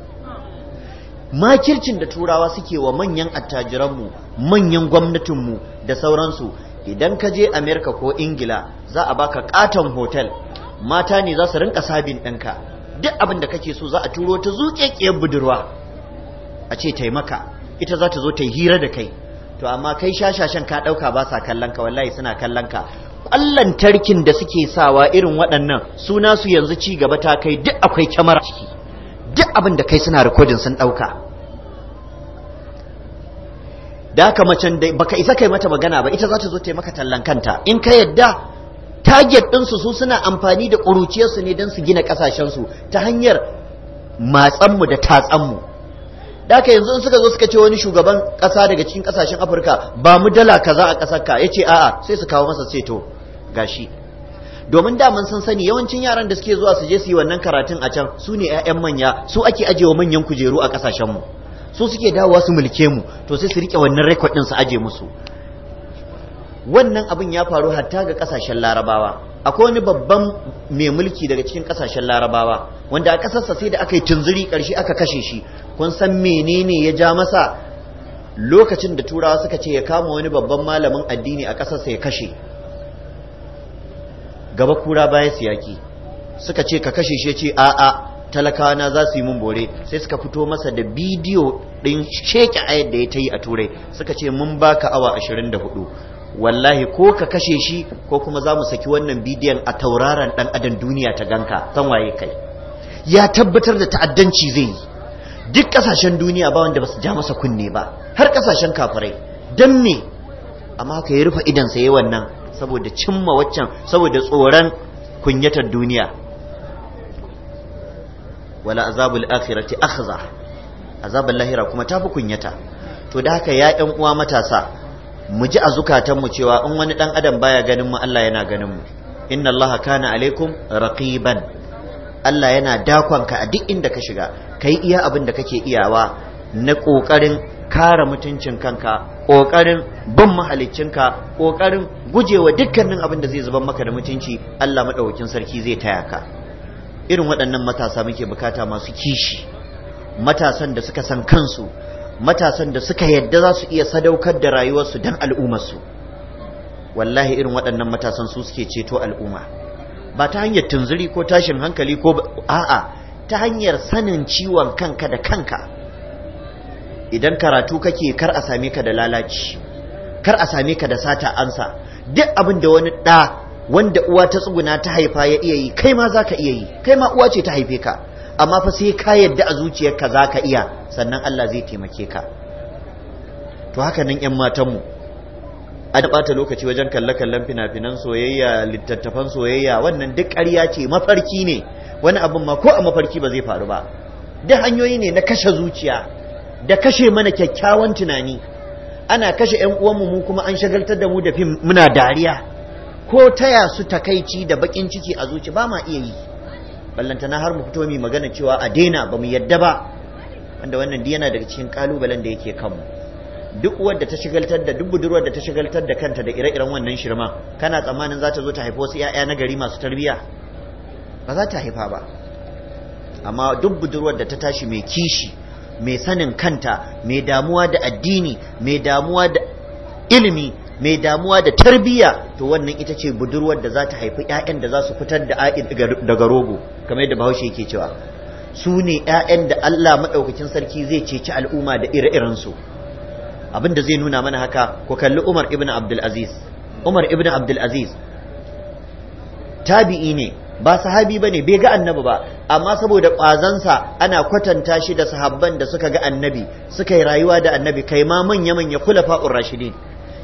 makircin da turawa suke wa manyan attajiran mu. manyan gwamnatin mu da sauransu idan ka je amerika ko ingila za a baka katon hotel mata ne za su rinka sabin ɗinka duk abin da kake so za a turo ta zuƙeƙiyar budurwa a ce taimaka ita za ta zo ta yi hira da kai to amma kai shashashen ka ɗauka ba sa kallon ka wallahi suna kallon ka ƙwallon tarkin da suke sawa irin waɗannan suna su yanzu ci gaba ta kai duk akwai kyamara ciki duk abin da kai suna rikodin sun ɗauka da haka macen da baka isa kai mata magana ba ita za ta zo ta maka tallan kanta in ka yadda target ɗinsu su suna amfani da ƙuruciyarsu ne don su gina ƙasashensu ta hanyar matsanmu da tatsanmu da haka yanzu in suka zo suka ce wani shugaban kasa daga cikin kasashen afirka ba mu dala kaza a ka ya ce a'a sai su kawo masa ceto gashi domin da mun sun sani yawancin yaran da suke zuwa su je su yi wannan karatun a can su ne 'ya'yan manya su ake ajewa manyan kujeru a ƙasashenmu mu su suke dawowa su mulke mu to sai su rike wannan rekod din su aje musu wannan abin ya faru hatta ga kasashen larabawa akwai wani babban mai mulki daga cikin kasashen larabawa wanda a kasarsa sai da aka yi tunzuri karshe aka kashe shi kun san menene ya ja masa lokacin da turawa suka ce ya kama wani babban malamin addini a kasarsa ya kashe gaba kura baya siyaki suka ce ka kashe shi ce a'a talakawa za su yi mun bore sai suka fito masa da bidiyo din sheke ayar da ya ta yi a turai suka ce mun baka awa 24 wallahi ko ka kashe shi ko kuma za mu saki wannan bidiyon a tauraron dan adam duniya ta ganka san waye kai ya tabbatar da ta'addanci zai yi duk kasashen duniya ba wanda ba su ja masa kunne ba har kasashen kafirai dan me amma ka yi rufe idan sa yi wannan saboda cimma waccan saboda tsoron kunyatar duniya wala azabul akhirati akhza azabul lahira kuma ta fi kunyata to da haka ya ɗan uwa matasa mu ji a mu cewa in wani ɗan adam baya ganin mu Allah yana ganin mu inna Allah kana alaikum raqiban Allah yana dakonka a duk inda ka shiga kai iya abin da kake iyawa na ƙoƙarin kare mutuncin kanka ƙoƙarin bin ka ƙoƙarin gujewa dukkanin abin da zai zuban maka da mutunci Allah maɗaukakin sarki zai taya ka irin waɗannan matasa muke bukata masu kishi matasan da suka san kansu matasan da suka yadda za su iya sadaukar da rayuwarsu don al'ummarsu wallahi irin waɗannan matasan su suke ceto al'umma ba ta hanyar tunzuri ko tashin hankali ko a'a ta hanyar sanin ciwon kanka da kanka idan karatu kake kar a same ka da lalaci kar a same ka da sata ansa duk abin da wani ɗa wanda uwa ta tsuguna ta haifa ya iya yi kai ma za ka iya yi kai ma uwa ce ta haife ka amma fa sai ka yadda a zuciyarka za ka iya sannan Allah zai taimake ka to haka nan 'yan matanmu a da ɓata lokaci wajen kalle-kallen fina-finan soyayya littattafan soyayya wannan duk ƙarya ce mafarki ne wani abin ma ko a mafarki ba zai faru ba duk hanyoyi ne na kashe zuciya da kashe mana kyakkyawan tunani ana kashe 'yan uwanmu mu kuma an shagaltar da mu da fim muna dariya ko taya su takaici da bakin ciki a zuci ba ma iya yi ballantana har mu fito mai magana cewa a daina ba mu yadda ba wanda wannan duk yana daga cikin kalubalen da yake kanmu duk wadda ta shigaltar da duk budurwar da ta shigaltar da kanta da ire-iren wannan shirma kana tsammanin za ta zo ta haifa wasu 'ya'ya na gari masu tarbiya. ba za ta haifa ba amma duk budurwar da ta tashi mai kishi mai sanin kanta mai damuwa da addini mai damuwa da ilimi mai damuwa da tarbiyya to wannan ita ce budurwar da za ta haifi 'ya'yan da za su fitar da A'in daga rogo kamar yadda bahaushe yake cewa su ne 'ya'yan da Allah maɗaukacin sarki zai ceci al'umma da ire-iren abin da zai nuna mana haka ku kalli Umar ibn Abdul Umar ibn Abdul Aziz tabi'i ne ba sahabi ba ne bai ga annabi ba amma saboda ƙwazansa ana kwatanta shi da sahabban da suka ga annabi suka yi rayuwa da annabi kai ma manya-manya kulafa'ur rashidin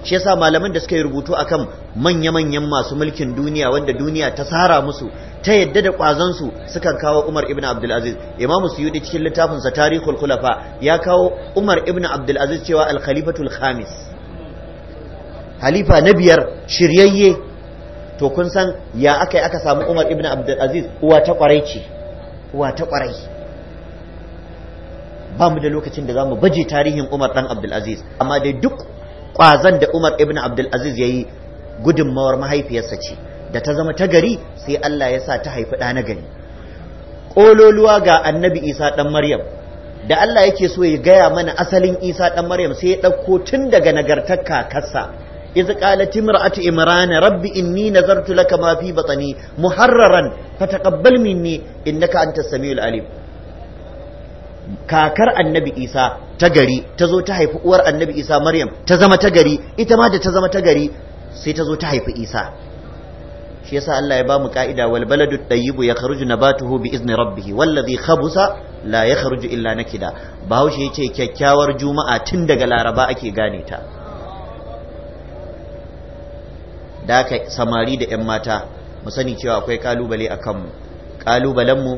shi yasa malaman da suka yi rubutu akan manya-manyan masu mulkin duniya wanda duniya ta sara musu ta yadda da kwazon su sukan kawo Umar ibn Abdul Aziz Imam Suyuti cikin littafin sa Tarikhul Khulafa ya kawo Umar ibn Abdul cewa al-Khalifatul Khamis halifa na biyar shiryayye to kun san ya aka aka samu Umar ibn Abdul uwa ta kwarai ce uwa ta kwarai ba mu da lokacin da za mu baje tarihin Umar dan Abdulaziz amma dai duk kwazan da Umar ibn Abdul Aziz yi gudunmawar mahaifiyarsa ce da ta zama ta gari sai Allah ya sa ta haifi ɗa na gari ƙololuwa ga annabi Isa ɗan Maryam da Allah yake so ya gaya mana asalin Isa ɗan Maryam sai ya ɗauko tun daga nagartar kakarsa إذ قالت امرأة إمران رب إني نذرت لك ما في بطني محررا فتقبل مني إنك أنت السميع العليم kakar annabi isa ta gari ta zo ta haifi uwar annabi isa maryam ta zama ta gari ita ma da ta zama ta gari sai ta zo ta haifi isa shi yasa Allah ya bamu ka'ida wal baladu tayyibu kharuju nabatuhu bi izni rabbih wallazi khabusa la yakhruju illa nakida bahaushe yace kyakkyawar juma'a tun daga laraba ake gane ta da ka samari da yan mata mu sani cewa akwai kalubale a kanmu kalubalen mu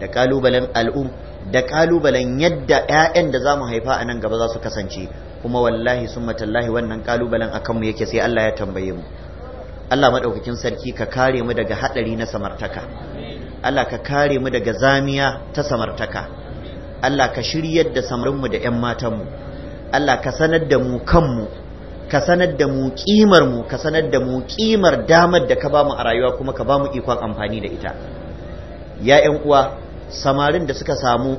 da kalubalen al'um da kalubalen yadda 'ya'yan da za mu haifa a nan gaba za su kasance kuma wallahi sun matallahi wannan kalubalen a kanmu yake sai Allah ya tambaye mu Allah maɗaukakin sarki ka kare mu daga haɗari na samartaka Allah ka kare mu daga zamiya ta samartaka Allah ka shiryar da samarinmu da 'yan matanmu Allah ka sanar da mu kanmu ka sanar da mu kimar ka sanar da mu ƙimar damar da ka bamu a rayuwa kuma ka bamu ikon amfani da ita ya 'yan uwa samarin da suka samu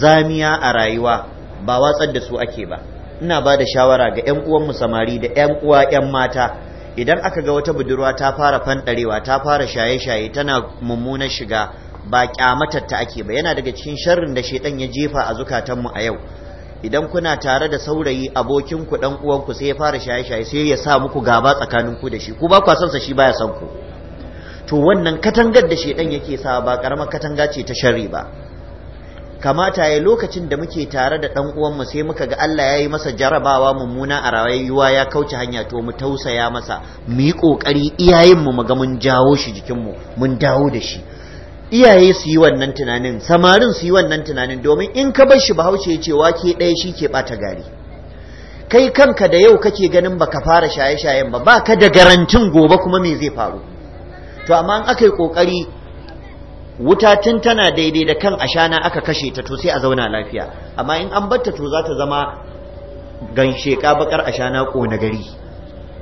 zamiya a rayuwa ba watsar da su ake ba ina ba da shawara ga 'yan uwanmu samari da 'yan uwa 'yan mata idan aka ga wata budurwa ta fara fanɗarewa ta fara shaye-shaye tana mummunar shiga ba kyamatar ta ake ba yana daga cikin sharrin da shedan ya jefa a zukatanmu a yau idan kuna tare da saurayi abokin ku dan uwan sai ya fara shaye-shaye sai ya sa muku gaba tsakanin ku da shi ku ba kwa son sa shi baya son ku to wannan katangar da shedan yake sa ba karamar katanga ce ta shari ba kamata ya lokacin da muke tare da dan uwanmu sai muka ga Allah ya yi masa jarabawa mummuna a rayuwa ya kauce hanya to mu tausaya masa mu yi kokari iyayenmu mu ga mun jawo shi jikinmu mun dawo da shi iyaye su yi wannan tunanin samarin su yi wannan tunanin domin in ka bar shi bahaushe ya ce wake ɗaya shi ke ɓata gari kai kanka da yau kake ganin baka fara shaye-shayen ba baka da garantin gobe kuma me zai faru to amma in aka yi kokari wuta tun tana daidai da kan ashana aka kashe ta to sai a zauna lafiya amma in an batta to za ta zama ka bakar ashana ko na gari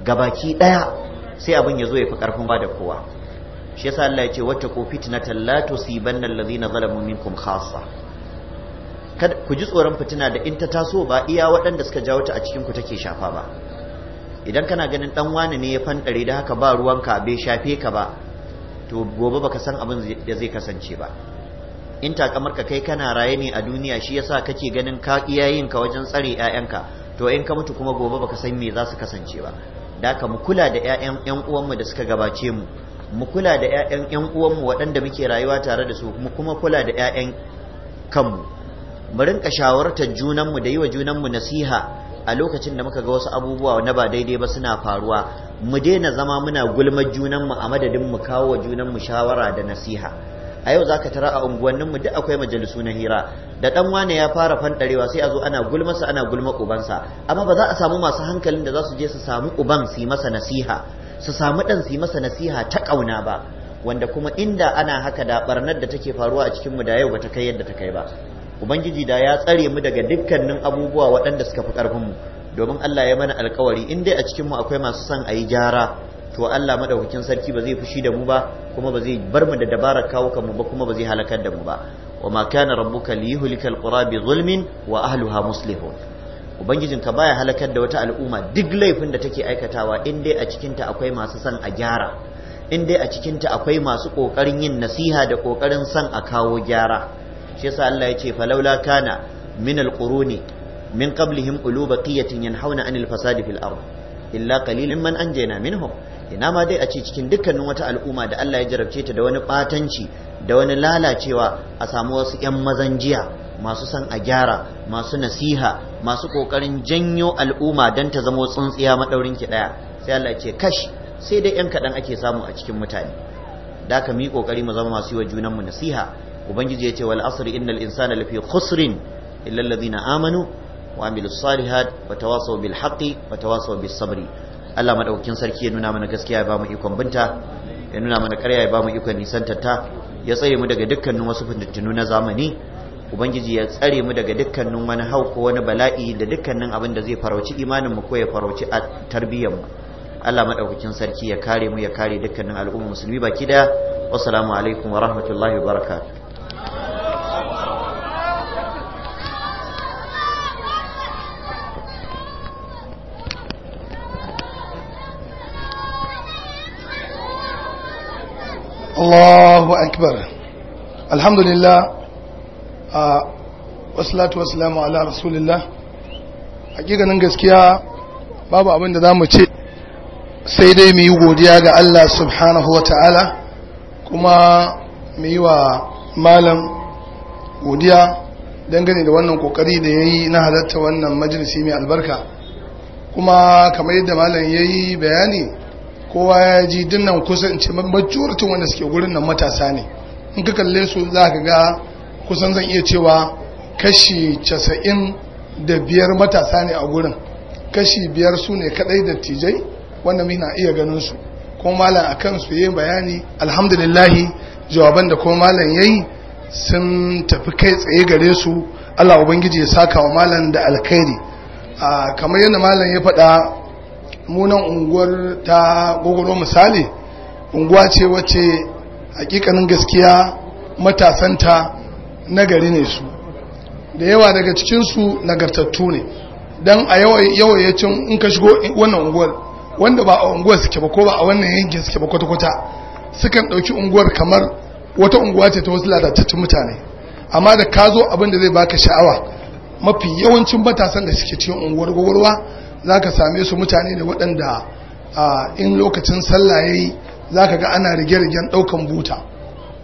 gabaki daya sai abin ya zo ya fi karfin ba da kowa shi yasa Allah ya ce wata ko fitnatan la na allazina zalamu minkum khassa kada ku ji tsoron fitina da in ta taso ba iya waɗanda suka jawo ta a cikin ku take shafa ba idan kana ganin dan wani ne ya fanɗare da haka ba ruwanka bai shafe ka ba to gobe baka san abin da zai kasance ba in takamar ka kai kana raye ne a duniya shi yasa kake ganin ka iyayen ka wajen tsare ƴaƴanka to in ka mutu kuma gobe baka san me za su kasance ba da ka mu kula da ƴaƴan ƴan uwanmu da suka gabace mu mu kula da ƴaƴan ƴan uwanmu waɗanda muke rayuwa tare da su mu kuma kula da ƴaƴan kanmu mu rinka shawartar junanmu da yi wa junanmu nasiha a lokacin da muka ga wasu abubuwa na ba daidai ba suna faruwa mu daina zama muna gulmar junanmu a madadin mu kawo wa junanmu shawara da nasiha a yau zaka tara a unguwannin mu duk akwai majalisu na hira da dan wane ya fara fanɗarewa sai a zo ana sa ana gulma ubansa amma ba za a samu masu hankalin da za su je su samu uban su yi masa nasiha su samu dan su yi masa nasiha ta kauna ba wanda kuma inda ana haka da barnar da take faruwa a cikin mu da yau ba ta kai yadda ta kai ba ubangiji da ya tsare mu daga dukkanin abubuwa waɗanda suka fi ƙarfinmu mu domin Allah ya mana alkawari in dai a cikin mu akwai masu son ayi gyara to Allah madaukakin sarki ba zai fushi da mu ba kuma ba zai bar mu da dabarar kawo kanmu ba kuma ba zai halakar da mu ba wa ma kana rabbuka liyuhlika alqura bi zulmin wa ahliha muslihun ubangijin ka baya halakar da wata al'umma duk laifin da take aikatawa in dai a cikin ta akwai masu son a gyara in dai a cikin ta akwai masu kokarin yin nasiha da kokarin son a kawo gyara shi yasa Allah ya ce falaula kana min alquruni min qablihim ulu baqiyatin yanhauna anil fasadi fil ard illa qalilan man anjayna minhum ina ma dai a ce cikin dukkanin wata al'umma da Allah ya jarabce ta da wani batanci da wani lalacewa a samu wasu 'yan mazan jiya masu son a gyara masu nasiha masu kokarin janyo al'umma dan ta zama tsuntsiya madaurin ki ɗaya sai Allah ce kash sai dai 'yan kaɗan ake samu a cikin mutane da ka mi kokari mu zama masu yi wa junanmu nasiha ubangiji yace wal asri innal insana lafi khusrin illa alladhina amanu wa amilus salihat wa tawasaw bil haqqi wa tawasaw bis sabri Allah madaukakin sarki ya nuna mana gaskiya ya ba mu ikon binta ya nuna mana ƙarya ya ba mu ikon nisantar ta ya tsare mu daga dukkanin wasu fitintunu na zamani ubangiji ya tsare mu daga dukkanin wani hauko wani bala'i da dukkanin abin da zai farauci imanin mu ko ya farauci a tarbiyyar Allah madaukakin sarki ya kare mu ya kare dukkanin al'umma musulmi baki daya wassalamu alaikum wa rahmatullahi wa barakatuh Allahu akbar alhamdulillah a ah, wasu wasalamu ala rasulillah hakikanin gaskiya babu abin da za mu ce sai dai mu yi godiya ga Allah subhanahu wa ta'ala kuma mu yi wa malam godiya dangane da wannan ƙoƙari da ya yi na halarta wannan majalisi mai albarka kuma kamar yadda malam ya yi bayani kowa ya ji dinnan kusan ce majoritin wanda suke gurin nan matasa ne in ka kalle su za ka ga kusan zan iya cewa kashi casa'in da biyar matasa ne a gurin kashi biyar su ne kadai da tijai wanda muna iya ganin su kuma malam a su yayin bayani alhamdulillahi jawaban da kuma malam yayi sun tafi kai tsaye gare su Allah ubangiji ya saka wa malam da alkhairi ah, kamar yadda malam ya faɗa munan unguwar ta gogoro misali unguwa ce wacce hakikanin gaskiya matasanta nagari ne su da yawa daga cikinsu nagartattu ne don a yawayyacin in ka shigo wannan unguwar wanda ba a unguwar suke ba ko ba a wannan yankin suke ba kwata-kwata sukan ɗauki unguwar kamar wata unguwa ce ta wasu lalatattun mutane amma da ka zo abin da zai baka sha'awa mafi yawancin matasan da suke cikin unguwar gwagwarwa za ka same su mutane da waɗanda in lokacin sallah ya za ka ga ana rige-rigen ɗaukan buta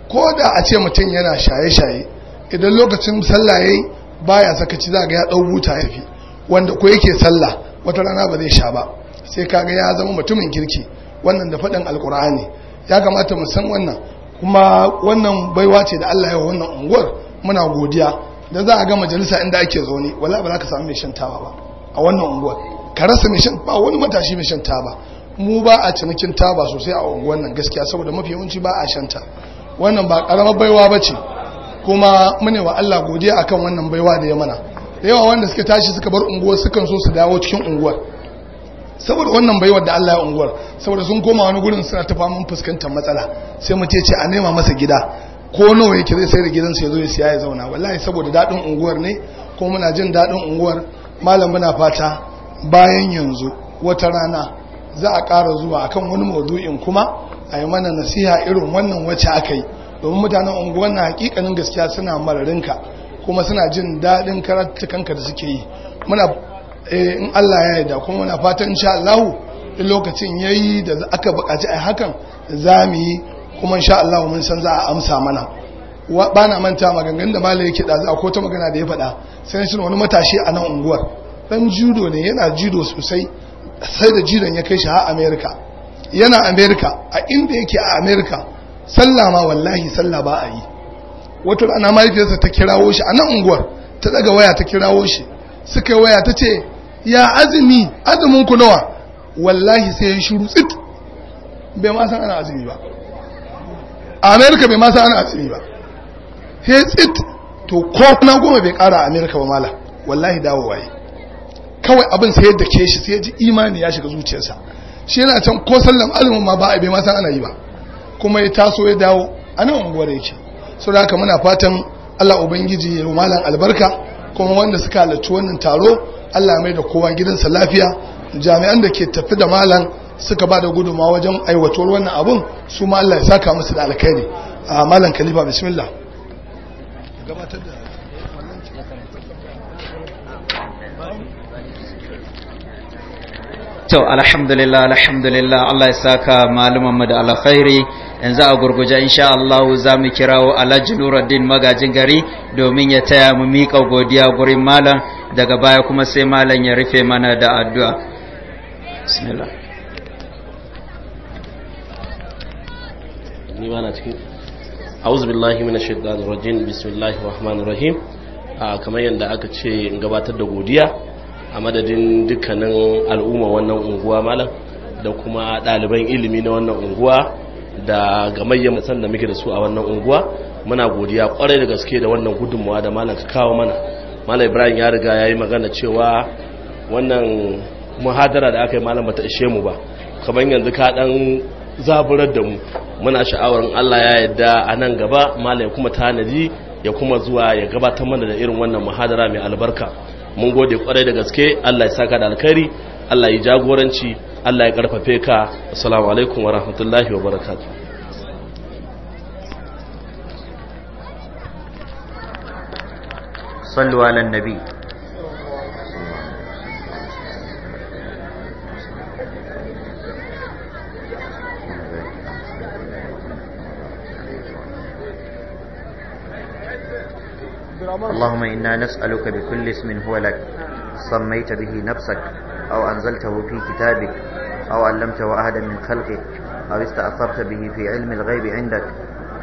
ko da a ce mutum yana shaye-shaye idan lokacin sallah ya yi sakaci za ga ya ɗau buta ya fi wanda ko yake sallah wata rana ba zai sha ba sai ka ga ya zama mutumin kirki wannan da faɗin alkur'ani ya kamata mu san wannan kuma wannan baiwa ce da Allah ya wannan unguwar muna godiya dan za a ga majalisa inda ake zaune wala ba za ka samu mai shantawa ba a wannan unguwar karasa rasa mai shan ba wani matashi mai shan taba mu ba a cinikin taba sosai a unguwan gaskiya saboda mafi yawanci ba a shanta wannan ba karamar baiwa ba ce kuma mune wa Allah godiya akan wannan baiwa da ya mana da yawa wanda suka tashi suka bar unguwar sukan so su dawo cikin unguwar saboda wannan baiwar da Allah ya unguwar saboda sun koma wani gurin suna ta faman fuskantar matsala sai mu ce a nema masa gida ko nawa yake zai sai da gidansa ya zo ya siya ya zauna wallahi saboda daɗin unguwar ne ko muna jin daɗin unguwar malam muna fata bayan yanzu wata rana za a ƙara zuwa a kan wani maudu'in kuma a yi mana nasiha irin wannan wacce aka yi domin mutanen unguwar na hakikanin gaskiya suna mararinka kuma suna jin daɗin karatukanka da suke yi muna eh, in Allah ya yarda kuma muna fatan insha Allah in lokacin yayi da aka buƙaci a hakan za mu yi kuma insha Allah mun san za a amsa mana bana manta maganganun da malai yake da za ko ta magana da ya faɗa sai shi wani matashi a nan unguwar dan judo ne yana judo sosai sai da jidan ya kai shi har america yana america a inda yake a america sallah ma wallahi sallah ba a yi wato ana mahaifiyarsa ta kirawo shi a nan unguwar ta daga waya ta kirawo shi suka waya ta ce ya azumi azumin ku nawa wallahi sai ya shiru tsit bai ma san ana azumi ba a america bai ma san ana azumi ba he tsit to ko na goma bai kara a america ba mala wallahi dawo waye. kawai abin sai yadda ke shi sai ya ji imani ya shiga zuciyarsa shi yana can ko sallan azumin ma ba a bai ma ana yi ba kuma ya taso ya dawo a nan unguwar yake sau da haka muna fatan allah ubangiji ya yi malam albarka kuma wanda suka halarci wannan taro allah mai da kowa gidansa lafiya jami'an da ke tafi da malam suka ba da guduma wajen aiwatuwar wannan abun su ma allah ya saka musu da alkhairi a ah, malam kalifa bismillah gabatar da to alhamdulillah alhamdulillah Allah ya saka maluman mu da alkhairi yanzu a gurguje insha Allah za mu kirawo Alhaji Nuruddin magajin gari domin ya taya mu mika godiya gurin malam daga baya kuma sai malam ya rufe mana da addu'a bismillah ni ba na cikin a'udhu billahi minash shaitanir rajim bismillahir rahmanir rahim ah, kamar yanda aka ce gabatar da godiya a madadin dukkanin al'umma wannan unguwa malam da kuma ɗaliban ilimi na wannan unguwa da gamayyar matsan da muke da su a wannan unguwa muna godiya kwarai da gaske da wannan gudunmawa da malam ka kawo mana malam ibrahim ya riga ya yi magana cewa wannan muhadara da aka yi malam bata ishe mu ba kamar yanzu ka dan zaburar da mu muna sha'awar allah ya yadda a nan gaba malam ya kuma tanadi ya kuma zuwa ya gabatar mana da irin wannan muhadara mai albarka mun gode kwarai da gaske Allah ya saka da alkhairi Allah ya jagoranci Allah ya karfafe ka assalamu alaikum wa rahmatullahi wa barakatuh sallu ala nabi اللهم إنا نسألك بكل اسم هو لك سميت به نفسك أو أنزلته في كتابك أو علمته أحدا من خلقك أو استأثرت به في علم الغيب عندك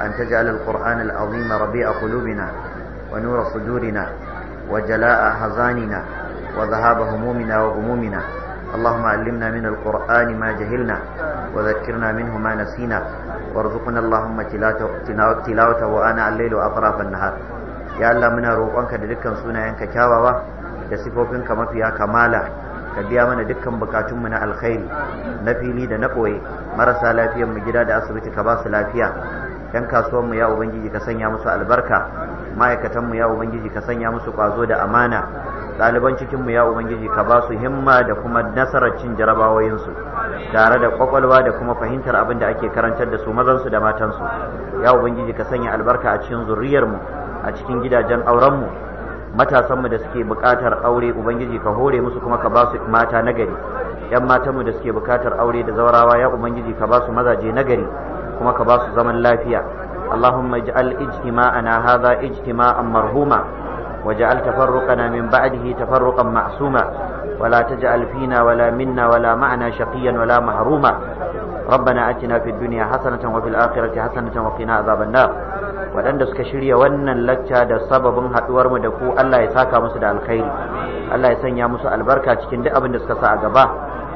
أن تجعل القرآن العظيم ربيع قلوبنا ونور صدورنا وجلاء حزاننا وذهاب همومنا وغمومنا اللهم علمنا من القرآن ما جهلنا وذكرنا منه ما نسينا وارزقنا اللهم تلاوته وأنا الليل وأطراف النهار ya Allah muna roƙonka da dukkan sunayenka kyawawa da sifofinka mafiya kamala ka biya mana dukkan bukatunmu na alkhairi na fili da na ɓoye marasa lafiyar mu gida da asibiti ka ba su lafiya yan kasuwan mu ya ubangiji ka sanya musu albarka ma'aikatan mu ya ubangiji ka sanya musu ƙwazo da amana ɗaliban cikin mu ya ubangiji ka ba su himma da kuma nasarar cin jarabawoyinsu tare da kwakwalwa da kuma fahimtar abin da ake karantar da su mazansu da matansu ya ubangiji ka sanya albarka a cikin zuriyarmu a cikin gidajen aurenmu matasanmu da suke buƙatar aure ubangiji ka hore musu kuma ka ba su mata nagari yan matanmu da suke buƙatar aure da zaurawa ya ubangiji ka ba su mazaje nagari kuma ka ba su zaman lafiya allahumma ij'al ijtima'ana hadha ijtima'an marhuma waj'al tafarruqana min ba'dihi tafarruqan ma'suma ولا تجعل فينا ولا منا ولا معنا شقيا ولا محروما ربنا أتنا في الدنيا حسنة وفي الآخرة حسنة وقنا عذاب النار waɗanda suka shirya wannan lacca da sababin haɗuwar mu da ku Allah ya saka musu da alkhairi Allah ya sanya musu albarka cikin duk abin da suka sa a gaba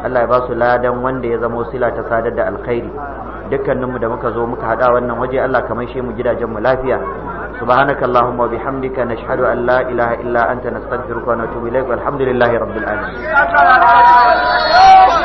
Allah ya ba su ladan wanda ya zamo sila ta sadar da alkhairi dukkaninmu da muka zo muka hada wannan waje Allah kamar shi mu mu lafiya subhanaka allahumma bihamdika nashhadu an la ilaha illa anta nastaghfiruka wa natubu ilaik walhamdulillahi rabbil alamin